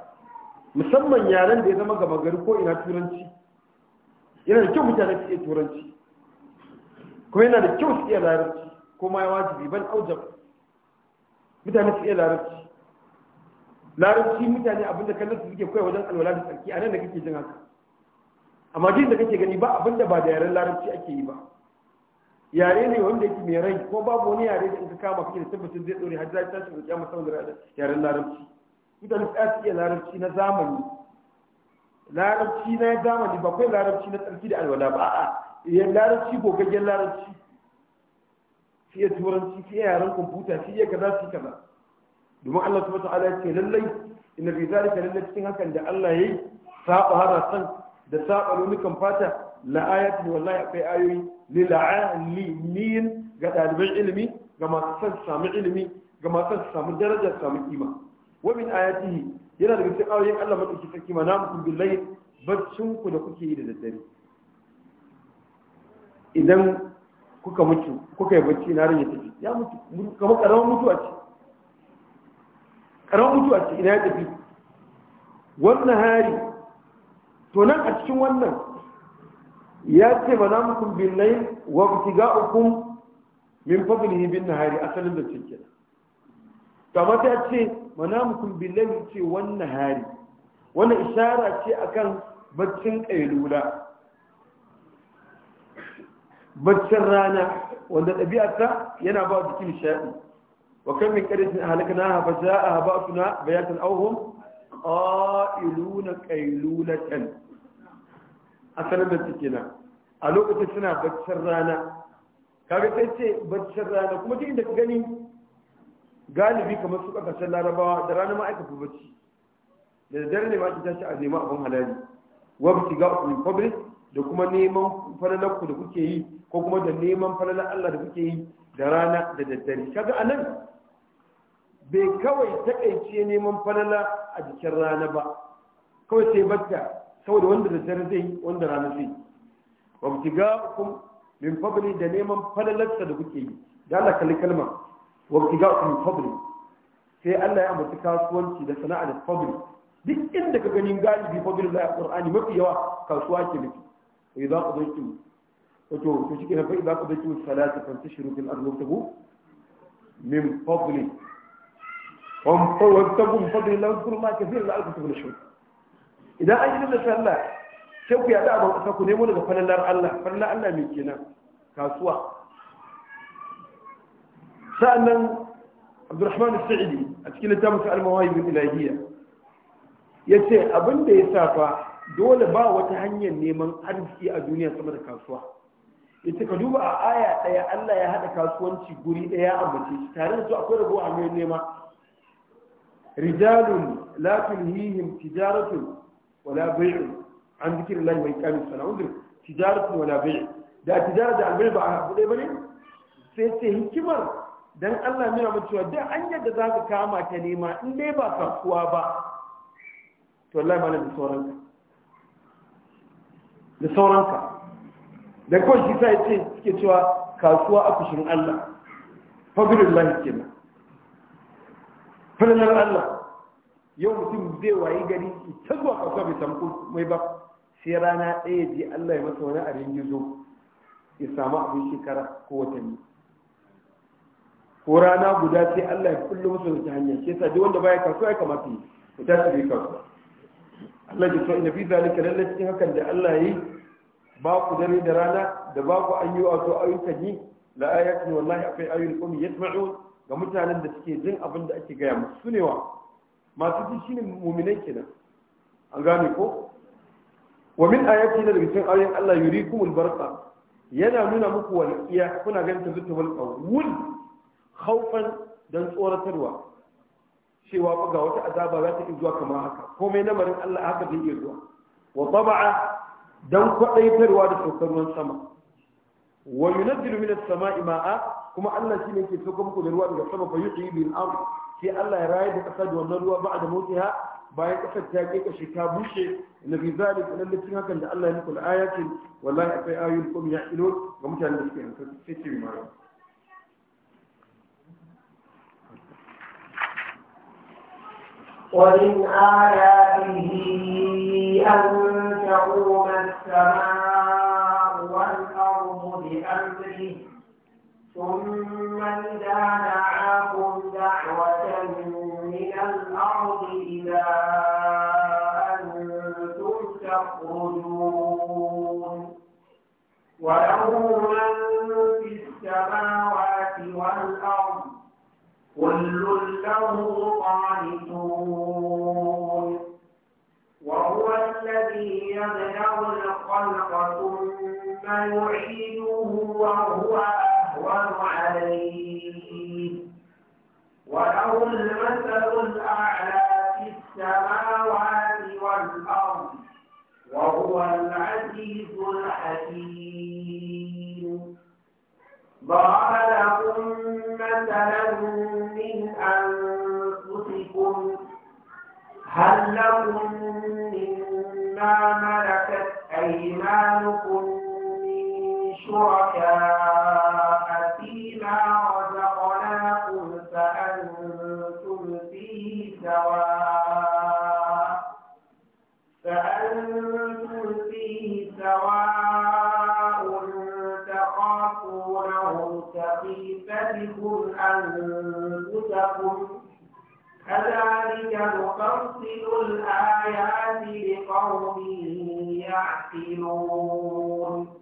musamman yaren da ya zama gaba gari ko ina turanci yana da kyau mutane su iya turanci kuma yana da kyau su iya larabci ma ya wajibi ban aujab mutane su iya larabci larabci mutane abinda kallon su suke koya wajen alwala da tsarki a nan da kake jin haka amma duk da kake gani ba abin da ba da yaren larabci ake yi ba yare ne wanda yake mai rai ko babu wani yare da in ka kama kake da tabbacin zai dore har zai tashi da kiyama saboda yaren larabci mutane tsaya su iya larabci na zamani larabci na zamani ba kai larabci na tsarki da alwala ba a'a yan larabci gogaggen larabci su iya turanci su iya yaren kwamfuta su iya kaza su kaza domin Allah subhanahu wa ta'ala ya ce lallai inna bi zalika lallai cikin hakan da Allah yayi sa'a hana san da saba launukan fata la'ayat ne wallahi akwai ayoyi li la'alimin ga ɗaliban ilimi ga masu san samu ilimi ga masu samu daraja samu kima wa min ayatihi yana daga cikin ayoyin Allah madauki sarki ma na mutum billahi barcin ku da kuke yi da daddare idan kuka mutu kuka yi bacci na ran tafi ya mutu kamar karamin mutuwa ce karamin mutuwa ce idan ya tafi wannan hari to nan a cikin wannan ya ce manamukum bin layl wa ga ibtiga'ukum min fadlihi bin nahari asalin da cikin to amma ta ce manamukum bin mu ce wannan nahari wannan ishara ce akan baccin kailula baccin rana wanda ɗabi'arta yana ba jikin nishaɗi wa kan min ƙarfin na hafa za a haɓa suna bayatan auhun ƙa'iluna ƙailulatan sanar da suke nan a lokacin suna baccin rana kaga sai ce baccin rana kuma duk inda ka gani galibi kamar su kasashen larabawa da rana ma aka fi bacci da dare ne ma ake tashi a neman abin halali wabti ga min public da kuma neman falalar ku da kuke yi ko kuma da neman falalar Allah da kuke yi da rana da daddare kaga anan bai kawai takaice neman falala a jikin rana ba kawai sai bacci saboda wanda da dare zai wanda rana zai wa hukum min fadli da neman falalarsa da kuke yi da Allah kalli kalmar wa hukum min fadli sai Allah ya ambaci kasuwanci da sana'a da fadli duk inda ka ganin galibi fadli da Qur'ani mafi yawa kasuwa ke miki za ku zai tuni wato to shi ke na fa idan ku zai tuni salatu fantashiru fil ardi tabu min fadli وابتغوا من فضل الله واذكروا الله كثيرا لعلكم تفلحون idan an yi da sallah sai ku yaɗa a ƙasa ku nemo daga falalar Allah falalar Allah mai kenan kasuwa sa'annan Abdurrahman Sa'idi a cikin littafin sa al-Mawahib al-Ilahiyya yace abin da ya safa dole ba wata hanyar neman arziki a duniya sama da kasuwa ita ka duba a aya ɗaya Allah ya haɗa kasuwanci guri ɗaya a mace tare da su akwai rabuwa a mai nema rijalun la tulhihim tijaratun wala bai'u an zikrillahi wa iqamis salat uzur tijaratu wala bai'u da tijara da albai ba a bude bane sai ce hikimar dan Allah nuna mu cewa duk an yadda zaka kama ta nema in dai ba kasuwa ba to wallahi malam da sauranka da sauranka da kawai shi sai ce suke cewa kasuwa a kushin Allah fadlullahi kenan fadlan Allah yau mutum zai wayi gari ta zuwa kasuwa bai samu mai ba sai rana ɗaya je Allah ya masa wani abin gizo ya samu abin shekara ko watanni ko rana guda sai Allah ya kullu masa wata hanya sai sa wanda baya kasuwa ya kamata yi ya tashi bai kasuwa Allah ya so nabi fi zalika lalle cikin hakan da Allah yi ba ku dare da rana da ba ku an yi wato ayyukan yi la ayatun wallahi akwai ayyukan qawmi yasma'un ga mutanen da suke jin abin da ake gaya musu sunewa masu ji ne mu'minai kenan an gane ko wa min ayati na daga cikin ayoyin Allah yurikumul barqa yana nuna muku walqiya kuna ganin ta zuta walqa wul khawfan dan tsoratarwa cewa fa ga wata azaba za ta iya zuwa kamar haka komai lamarin Allah haka zai iya zuwa wa taba'a dan kwadaitarwa da saukar sama wa yunazzilu minas sama'i ma'a kuma Allah shi ne ke sauka muku da ruwa daga sama fa yuhyi bil ard sai Allah ya rayar da kasa da wannan ruwa ba'da mautiha bayan ƙasar ta kai kashi ta bushe na fi zalik nan da hakan da Allah ya muku ayatin wallahi akwai ayoyin kuma ya ilo ga mutanen da suke yankar sai ce ma ومن آياته أن تقوم السماء دعاكم دعوة من الأرض إلى أن تخرجون وله من في السماوات والأرض كل له قانتون وهو الذي يبدأ الخلق ثم يعيده وهو أهون عليه وله المثل الأعلى في السماوات والأرض وهو العزيز الحكيم ضرب لكم مثلا من أنفسكم هل لكم مما ملكت أيمانكم من شركاء ونفصل الآيات لقوم يعقلون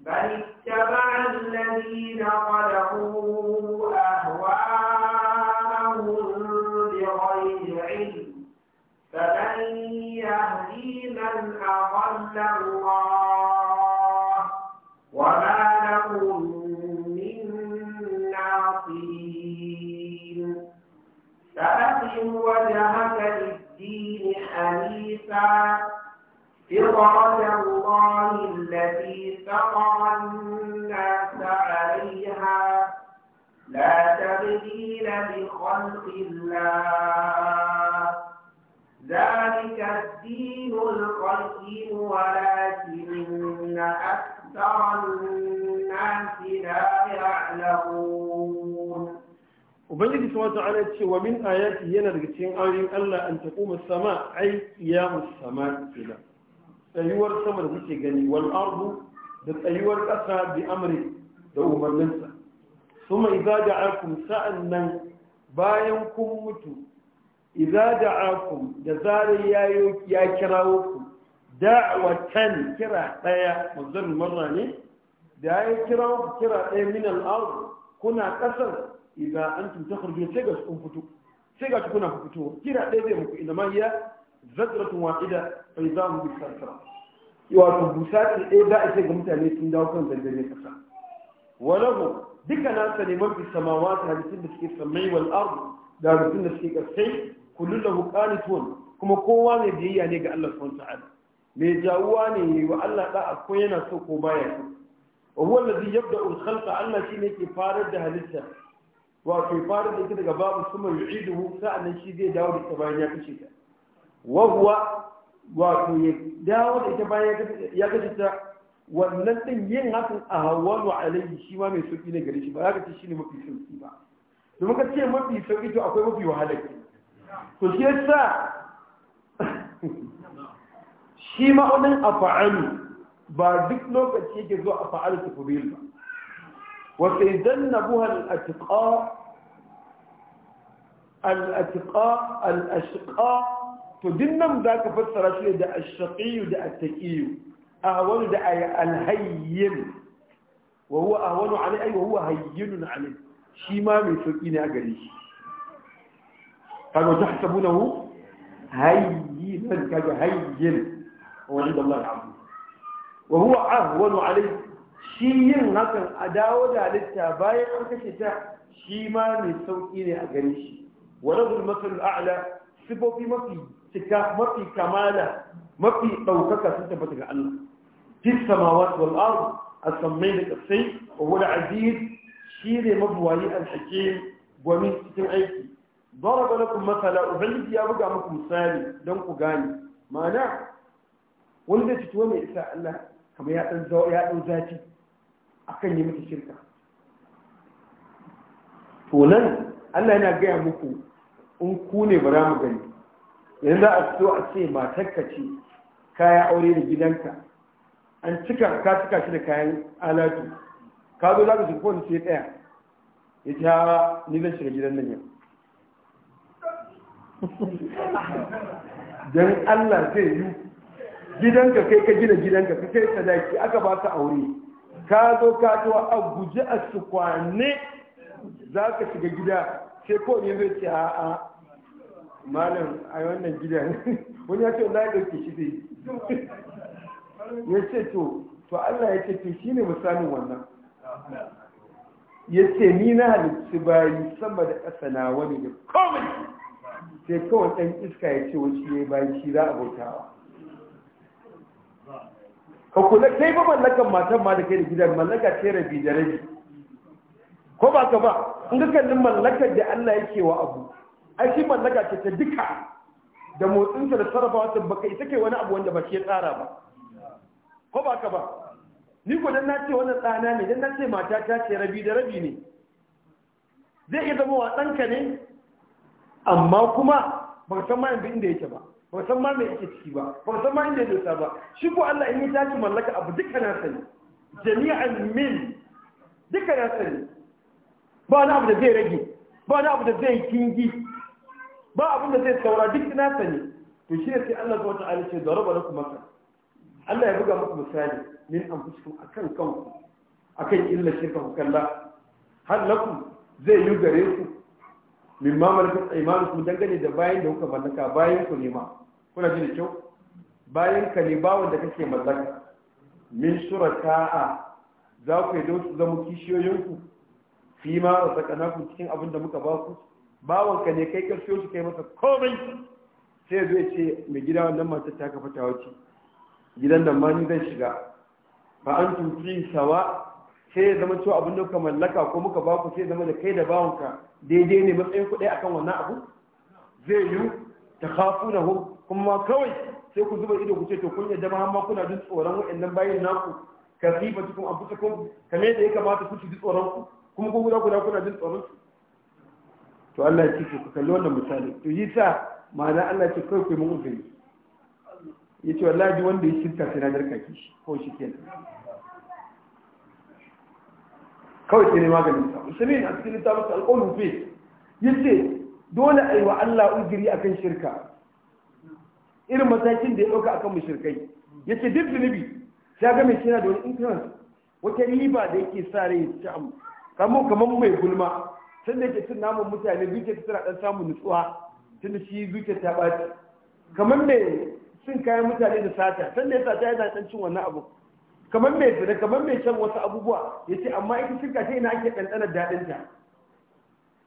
بل اتبع الذين ظلموا أهواءهم بغير علم فمن يهدي من أضل الله فأقم وجهك للدين حنيفا فطرة الله التي فطر الناس عليها لا تبديل لخلق الله ذلك الدين القيم ولكن أكثر الناس لا يعلمون ubangiji wata ta'ala ce wa min ayati yana daga cikin ayoyin Allah an taquma sama ai qiyamus sama kila tsayuwar sama da kuke gani wal ardu da tsayuwar ƙasa bi amri da umarninsa suma idza da'akum nan bayan kun mutu idza da'akum da zarar ya kirawo ku da'watan kira ɗaya mazan marra ne da ya kirawo kira ɗaya min al'adu, kuna ƙasar? an antum takhruju sai ga kun fito sai ga kuna fitowa kira ɗaya zai muku inda ma hiya zadratun wa'ida fa za mu bi sarfara wato busa ce ɗaya za a ce ga mutane sun dawo kan zangarin kasa walahu duka na sa neman fi samawa ta hadisin da suke samai wal ardu da hadisin da suke kasai kullun lahu qanitun kuma kowa ne biyayya ne ga Allah subhanahu wa ta'ala mai jawuwa ne wa Allah da akwai yana so ko baya so wa huwa alladhi yabda'u al-khalqa Allah shine yake farar da halitta wato fara da ita daga babu suma yu'iduhu sa'annan shi zai dawo da ita bayan ya kashe ta wa wato ya dawo da ita bayan ya kashe ta wannan din yin hakan a hawalu alayhi shi ma mai sauki ne gare shi ba za ka ce shi ne mafi sauki ba domin ka ce mafi sauki to akwai mafi ke to shi yasa (laughs) shi ma'aunin afa'alu ba duk lokaci yake zuwa afa'alu tafabil ba وسيجنبها الأتقاء الأتقاء الأشقاء تدنم ذاك فسر شيء ده الشقي وده التقي أهون ده الهين وهو أهون عليه أي وهو هين عليه شي ما من سكين أجري قالوا تحسبونه هين كذا هين وعند الله العظيم وهو أهون عليه shi yin hakan a dawo da halitta bayan an kashe ta shi ma mai sauƙi ne a gare shi wani masalul a'la sifofi mafi cika mafi kamala mafi ɗaukaka sun tabbata ga Allah duk samawat wal ard asammai da kasai wa wal aziz shi ne mabuwayi al hakim cikin aiki daraba lakum masala ubangiji ya buga muku misali don ku gane ma'ana wanda ya mai isa Allah kamar ya ɗan zafi akan yi miki shirka to nan Allah yana gaya muku in ku ne ba za mu gani yanzu za a so a ce matarka ce kaya aure da gidanka an cika ka cika shi da kayan alatu ka zo za ka shiga kowane sai ɗaya ya ci hawa ni zan shiga gidan nan yau don Allah zai yi gidanka kai ka gina gidanka ka kai sadaki aka ba ka aure ka zo ka to a guji a sukwane za ka shiga gida sai ko ne zai ce a'a malam a wannan gidan (laughs) wani ya ce wani ya ɗauke shi zai (laughs) ya ce to to Allah ya ce to shi ne misalin wannan ya ce ni na halittu bayi sama da ƙasa na wani da komai sai kawai ɗan iska ya ce wani shi ya bayi shi za a bautawa ka kula kai ba mallakan matan ma da kai da gidan mallaka ce rabi da rabi ko ba ka ba in ka kallin mallakar da Allah yake wa abu ai shi mallaka ce ta duka da motsin motsinsa da sarrafa wata baka ita kai wani abu wanda ba shi tsara ba ko ba ka ba ni ko dan nace wannan tsana ne dan nace mata ta ce rabi da rabi ne zai iya zama wa ɗanka ne amma kuma ba ka san ma inda yake ba ba san ma me ake ciki ba ba san ma inda ya dosa ba shi ko Allah in ya tashi mallaka abu duka na sani jami'an min duka na sani ba wani abu da zai rage ba wani abu da zai kingi ba abin da zai saura duk na sani to shi ne sai Allah subhanahu wataala ce daraba lakum masal Allah ya buga muku misali min anfusikum akan kanku akan illa shirka ku kalla hal lakum zai yi gare ku min mamalakun kuma dangane da bayan da kuka mallaka bayan ku ne kuna ji da kyau bayan ka ne bawon da kake mallaka min a za ku yi su zama kishiyoyinku fi ma razaqnakum cikin abin da muka ba ku bawon ka ne kai ka siyo kai masa komai sai zai ce mai gida wannan matar ta kafa ta wace gidan nan ma ni zan shiga ba an tuntun sawa sai ya zama cewa abin da kuka mallaka ko muka ba ku sai zama da kai da bawanka daidai ne matsayin kuɗi a kan wannan abu zai yi ta kafu na hu kuma kawai sai ku zuba ido ku ce to kun yadda ma kuna jin tsoron waɗannan bayan naku ka sifa cikin an fusa kun kamar da ya kamata ku ji tsoron ku kuma kun guda guda kuna jin tsoron su to Allah ya ce ku kalli wannan misali to yi sa ma'ana Allah ya ce kai ku yi mun uzuri ya ce wallahi wanda ya shirka sai na darka ki shi ko shi kenan kawai sai ne maganin sa musulmi a cikin littafin sa alƙawlin fi ce dole a yi wa Allah a kan shirka irin matakin da ya ɗauka akan ya ce duk zunubi ya ga mai shi yana da wani intanet wata riba da yake sa rai ci amu, kamar kamar mai gulma tunda yake cin namun mutane zuciya tana ɗan samun nutsuwa da shi zuciya ta ɓaci kamar mai cin kayan mutane da sata tunda ya sata yana dan cin wannan abu kamar mai zina kamar mai shan wasu abubuwa ya ce amma ita shirka ce ina ake ɗanɗanar daɗinta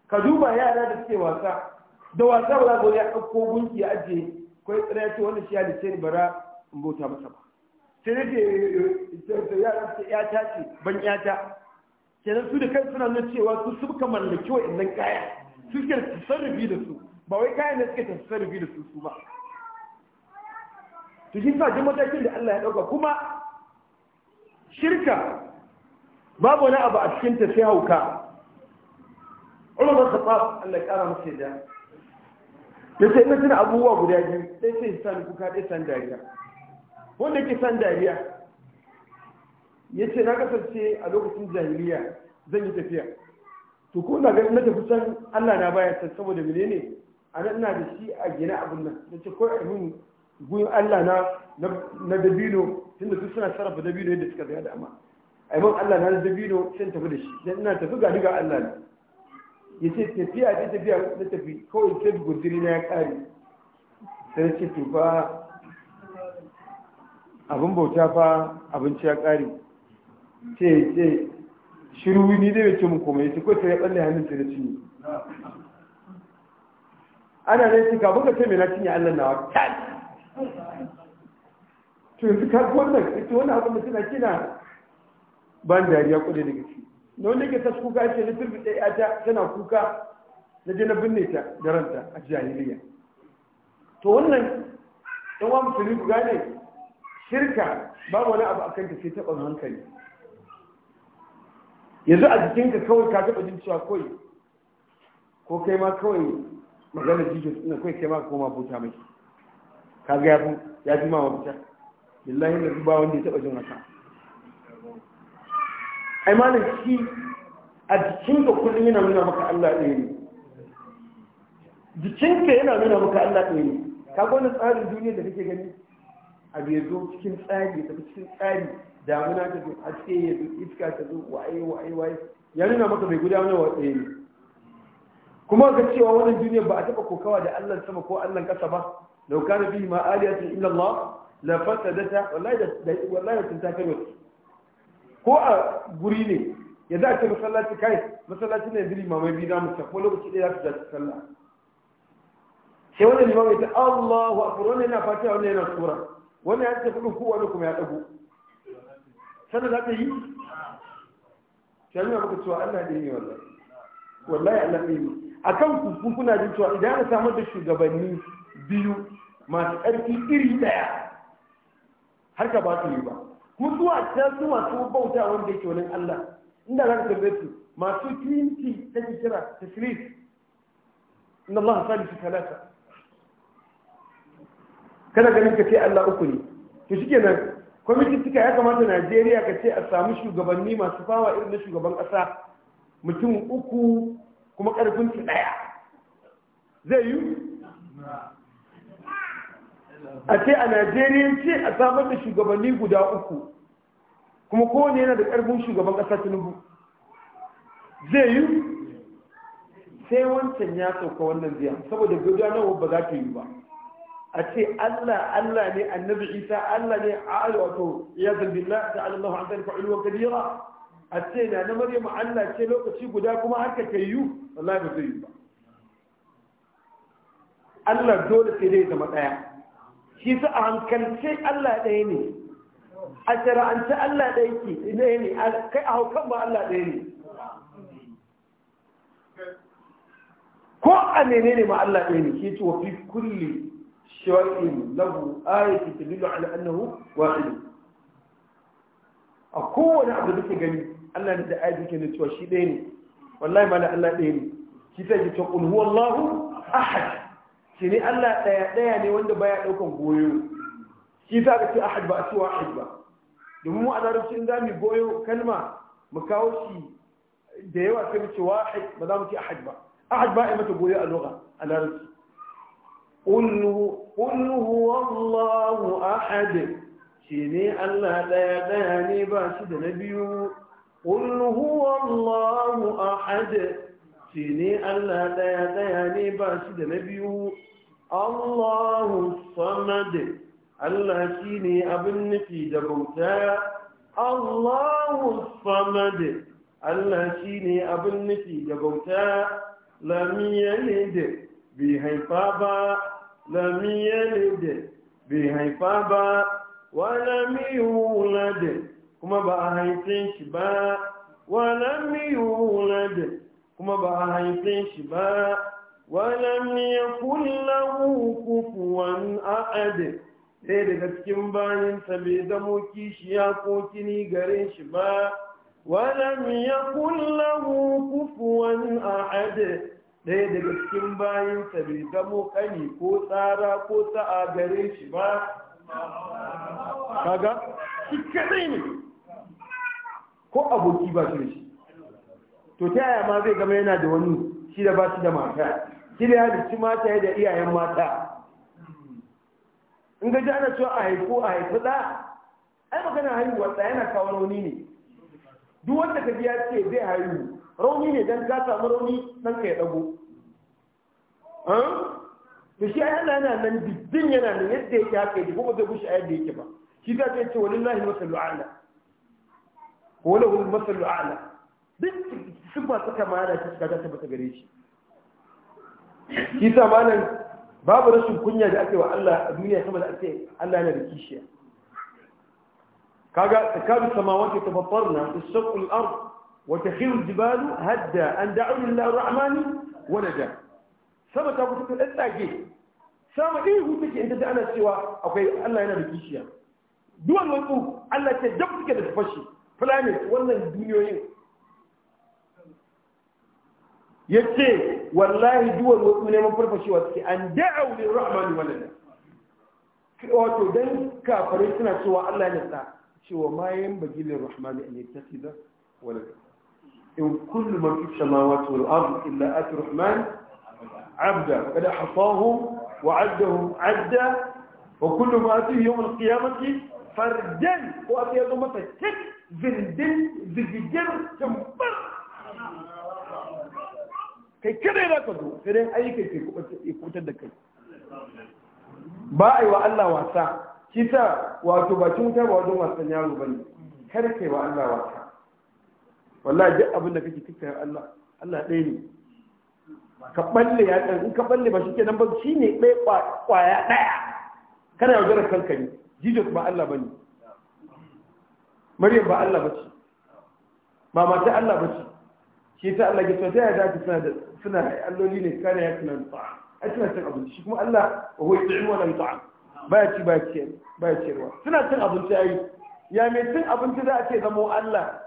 ka duba yara da suke wasa da wasa ba za ka ya ɗauko gunki ya ajiye ko ya tsira ya ce wani shi ya ce ni bara in bauta masa ba sai ne ke yara su ya ta ce ban ya ta kenan su da kai suna nan cewa su su suka mallaki wa'annan kaya su suke sarrafi da su ba wai kayan da suke sarrafi da su su ba to shi sa jin matakin da Allah ya ɗauka kuma shirka babu wani abu a cikin ta sai hauka umar bin khattab Allah ya kara masa da ya ce ina tana abubuwa guda biyu sai sai san ka dai san dariya wanda yake san dariya ya ce na kasance a lokacin jahiliya zan yi tafiya to ko na ganin na tafi san Allah na baya ta saboda menene a nan ina da shi a gina abin nan na ce ko a mun guyin Allah na na dabino tunda duk suna sarrafa dabino yadda suka ga da ai man Allah na dabino sai tafi da shi dan ina tafi ga diga Allah ne yace tafiya ta tafiya na tafi kawai sai gudiri na ya kare sai ce to fa abin bauta fa abinci ya kare ce ce shiru ni dai bai ce mu komai sai ko sai ya balle hannun sai da cinye ana nan shi ka buka sai mai na cinye Allah nawa to yanzu ka wannan ita wannan abin da suna kina ban dariya kudi da gaske na wanda ke tashi kuka ce na turbi ɗaya ta tana kuka na je na binne ta da ranta a jahiliya to wannan ɗan wa musulmi ku gane shirka babu wani abu akan ta sai taɓa hankali yanzu a jikinka kawai ka taɓa jin cewa kawai ko kai ma kawai magana jikin suna kawai kai ma koma buta mai ka ga ya fi ma mabuta lillahi da ba wanda ya taba jin haka ai malam shi a jikinka kullum yana nuna maka Allah ɗaya ne ka yana nuna maka Allah ɗaya ne ka gwada tsarin duniya da kake gani a bai zo cikin tsari da cikin tsari damuna ta zo haske ya zo iska ta zo waye waye waye ya nuna maka bai guda wani ɗaya ne kuma ka cewa wannan duniya ba a taɓa kokawa da Allah sama ko Allah ƙasa ba lau kana fihi ma aliyatun illa Allah da ta wallahi da wallahi sun ta kai ko a guri ne ya za a ce masallaci kai masallaci ne yanzu limamai biyu mu ta ko lokaci ɗaya za su ja sallah sai wani limamai ta Allahu akbar wannan yana fatiha wannan yana sura wannan ya ce kudu ko wani kuma ya dago sannan za ta yi sai ya muka cewa Allah ɗaya ne wallahi wallahi Allah ɗaya ne akan ku kuna jin cewa idan aka samar da shugabanni biyu masu ƙarfi iri ɗaya har ka ba su yi ba mutuwa ta su masu bauta wanda yake wani Allah inda za ka tambaye su masu kinci ta kira ta shirin inda Allah sani su talata kana ganin ka ce Allah uku ne to shi kenan kwamitin suka ya kamata Najeriya ka ce a samu shugabanni masu fawa irin na shugaban ƙasa mutum uku kuma ƙarfin su ɗaya zai yi a ce a najeriya ce a samar da shugabanni guda uku kuma kowane yana da karfin shugaban kasa tinubu zai yi sai wancan ya sauka wannan ziya saboda gudanarwa ba za ta yi ba a ce allah allah ne annabi isa allah ne a alwato ya na ta allah an zai fa'ilu kadira a ce na na maryam allah ce lokaci guda kuma haka ta yi wallahi ba zai yi ba allah dole sai dai zama daya shi su a hankalce Allah ɗaya ne a shara'ance Allah ɗaya ke ɗaya ne kai a haukan ba Allah ɗaya ne ko a ne ma Allah ɗaya ne ke ce wa fi kulli shawa'in lahu ayati tadullu ala annahu ne. a kowane abu da ke gani Allah da ayat yake ne cewa shi ɗaya ne wallahi ma Allah ɗaya ne Ki ta ce qul huwallahu ahad shi ne Allah ɗaya ɗaya ne wanda baya ɗaukan goyo shi sa ka ce ahad ba a ce wahid ba domin mu a larabci in za mu goyo kalma mu kawo shi da yawa sai mu ce wahid ba za mu ce ahad ba ahad ba a mata goyo a lugha a larabci قل هو الله أحد شيني الله لا يداني باشد نبيه قل هو الله أحد Ti ni Allah ɗaya ɗaya ne ba shi da na biyu Allahu samad Allah shi ne abin nufi da bauta Allahu samad Allah shi ne abin nufi da bauta lam de bi haifa ba lam de bi haifa ba wa lam yulad kuma ba a haife shi ba wa lam yulad kuma ba a haife shi ba walam yakun lahu kufuwan ahad sai daga cikin ta bai zamo kishiya ko kini gare shi ba walam yakun lahu kufuwan ahad sai daga cikin bayansa bai zamo kani ko tsara ko sa'a gare shi ba kaga shi kadai ne ko aboki ba shi to ta yaya ma zai zama yana da wani shi da ba shi da mata shi da yadda shi mata ya da iyayen mata in ga jana cewa a haiku a haifi da, ai magana haihuwa ɗa yana kawo rauni ne duk wanda ka biya ya ce zai haihu rauni ne don ka samu rauni ɗan ka ya ɗago to shi ai Allah yana nan din yana nan yadda yake haka yake kuma zai gushi a yadda yake ba shi za ta ce walillahi masallu a'la ko lahu masallu a'la hukuma suka mara shi suka gata bisa gare shi kisa malam babu rashin kunya da ake wa Allah a duniya sama da ake Allah yana da kishiya kaga takabi samawati tafattarna tashaqqu al-ard wa takhiru al-jibalu hadda an da'u lillahi ar-rahman wa nada sama ta kuta tsage sama ihu take inda ana cewa akwai Allah yana da kishiya duwan wasu Allah ce dab suke da fashi fulani, wannan duniyoyin yace ce wallahi duwar wasu neman farfashewa suke an da'au ne rahmanu walada wato dan kafare suna cewa allah ya sa cewa ma yan bagi lil rahmanu an yattaki da walada in kullu man fi samawati wal ardi illa ati rahman abda kada hasahu wa addahu adda wa kullu ma ati yawm al qiyamati fardan ko ati yazo masa tik zindin zigir tambar kai kada za ka zo sai dai ayyukan ke kubutar da kai ba a yi wa Allah wasa kisa sa wato bakin wuta ba wajen wasan yaro bane kar kai wa Allah wasa wallahi duk abin da kake kika Allah Allah ɗaya ne ka balle ya ɗan in ka balle ba shi kenan ba shi ne ɗaya kwaya ɗaya kana yaudarar kanka ne jijo ba Allah ba ne maryam ba Allah ba ce ba mata Allah ba ce shi ta Allah ke ta ya dace suna da suna alloli ne kana ya tunan ta'a ai suna cin abinci shi kuma Allah wa huwa yut'imu wa la ba baya ci baya ya baya ba suna cin abinci ai ya mai cin abinci za a zamo Allah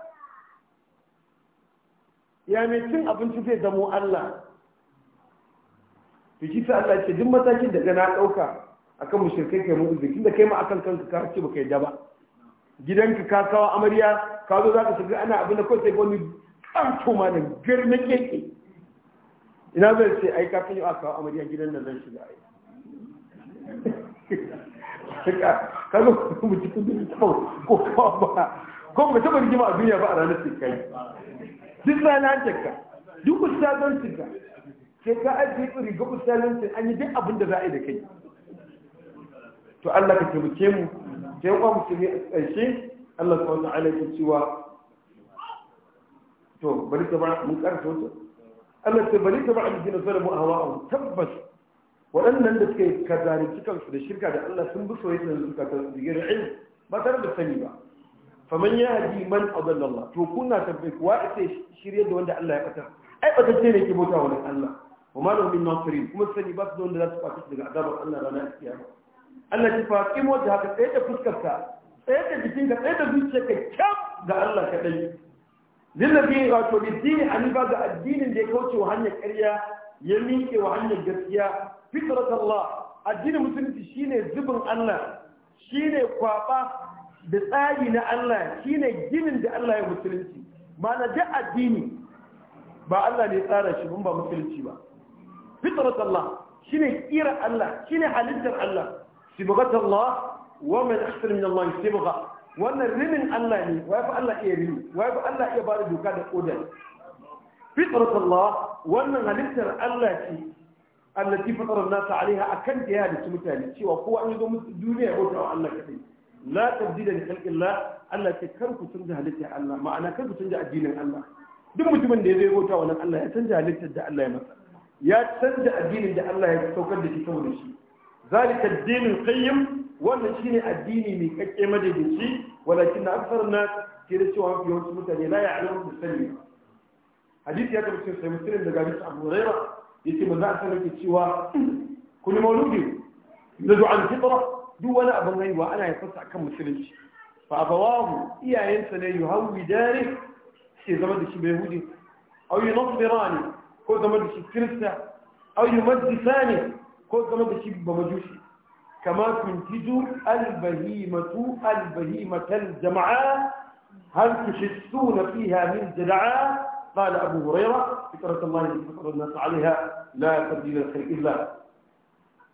ya mai cin abinci zai zamo Allah to shi Allah ce duk matakin da na dauka akan mushrikai kai mu izini da kai ma akan kanka ka ce baka yadda ba gidanka ka kawo amarya ka zo zaka shiga ana abin da kawai sai wani tsarto ma da girme keke ina zai ce ai kafin yau aka amarya gidan nan zan shiga ai zo mu ci kudin tau ko ba ko mu ta bari jima a duniya ba a ranar sai kai duk ranar ka duk ustazancin ka sai ka ajiye tsiri ga ustazancin an yi duk abin da za a yi da kai to Allah ka taimake mu sai uwa musulmi a tsarshe Allah subhanahu wata ta'ala cewa to bari ta ba mun karanta wata Allah ce bari taba alladina zalamu ahwa'ahum tabbas waɗannan da suke kazari kansu da shirka da Allah sun bi soyayya da suka kansu da ilmi ba tare da sani ba faman ya haji man adalla Allah to kuna tabbai kuwa ita shirye da wanda Allah ya bata ai ta ce ne ke bauta wa Allah wa ma lahu min nasirin kuma sani ba su da wanda za su fata daga azabar Allah rana kiyama Allah ki fa kimo da haka tsaye da fuskar ka tsaye da jikin ka tsaye da zuciyar ka kyam ga Allah kadai lillabi wato liddini hanifa ga addinin da ya kauce wa hanyar ƙarya ya miƙe wa hanyar gaskiya fitrat Allah addinin musulunci shine zubin Allah shine kwaba da tsari na Allah shine ginin da Allah ya musulunci ma'ana da addini ba Allah ne tsara shi ba musulunci ba fitrat Allah shine kira Allah shine halittar Allah sibghat Allah wa man ahsana min Allah sibgha wannan rinin Allah ne wai fa Allah iya rini wai fa Allah iya bada doka da kodar fitratullah wannan halittar Allah ce allati fatara an-nas 'alayha akan da ya da mutane cewa kowa an zo musu duniya ya bauta wa Allah kadai la tabdila li khalqillah Allah ce kar ku canza halittar Allah ma'ana kar ku canza addinin Allah duk mutumin da ya zo bauta wa Allah ya canza halittar da Allah ya masa ya canza addinin da Allah ya saukar da shi saboda shi zalika ad-dinul qayyim wannan shine addini mai kakke madaidaici walakin akthar nas ke da cewa mafi yawancin mutane la ya'lamu musalli hadisi ya tabbata sai muslim daga hadisi Abu Hurairah yace manzo Allah yake cewa kullu mauludi yuladu an fitra duk wani abin haihuwa ana yafarsa akan musulunci fa abawahu iyayensa ne hawi dare sai zama da shi bai hudi aw yunasbirani ko zama da shi kirista aw ne, ko zama da shi ba majusi كما تنتج البهيمة البهيمة الجمعاء هل تشتون فيها من جدعاء قال أبو هريرة فكرة الله التي فطر الناس عليها لا تبديل الخير إلا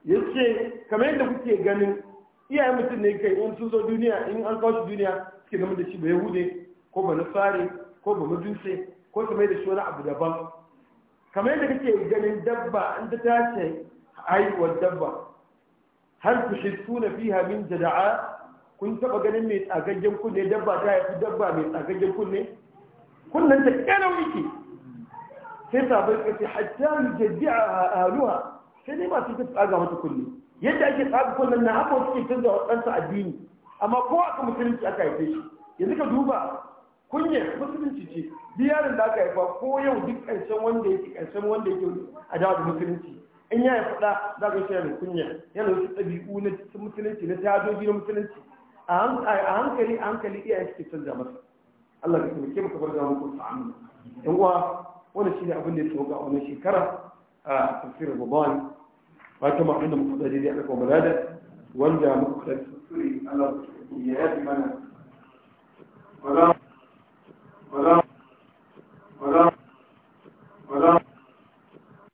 yace kama yadda kuke ganin iyayen mutum ne kai in sun zo duniya in an kawo shi duniya suke game da shi ba yahude ko ba nasare ko ba majuse ko kamar da shi wani abu daban kamar yadda kake ganin dabba an ta tace haihuwar dabba har ku shittu na min jada'a kun taba ganin mai tsagaggen kunne dabba ta haifi dabba mai tsagaggen kunne kunnen ta kanau yake sai sabai ka ce hatta yujaddi'a ahluha sai dai masu ta tsaga mata kunne yadda ake tsaga kunnen na haka suke canza wadansa addini amma ko aka musulunci aka haife shi yanzu ka duba kunyar musulunci ce biyarin da aka haifa ko yau duk ƙarshen wanda yake ƙarshen wanda yake a dawa da musulunci in ya faɗa za ka shi yana kunya yana wasu ɗabi'u na musulunci na tajoji na musulunci a hankali a hankali iyaye suke canza masa Allah ka mu ke maka barga muku sa'amu yan uwa wani shi ne abin da ya tsoka a wannan shekara a tafsirin babban ba ta ma abin da muka tsaje da aka kuma da wanda muka tsaje tafsiri Allah ya yafi mana wala wala wala wala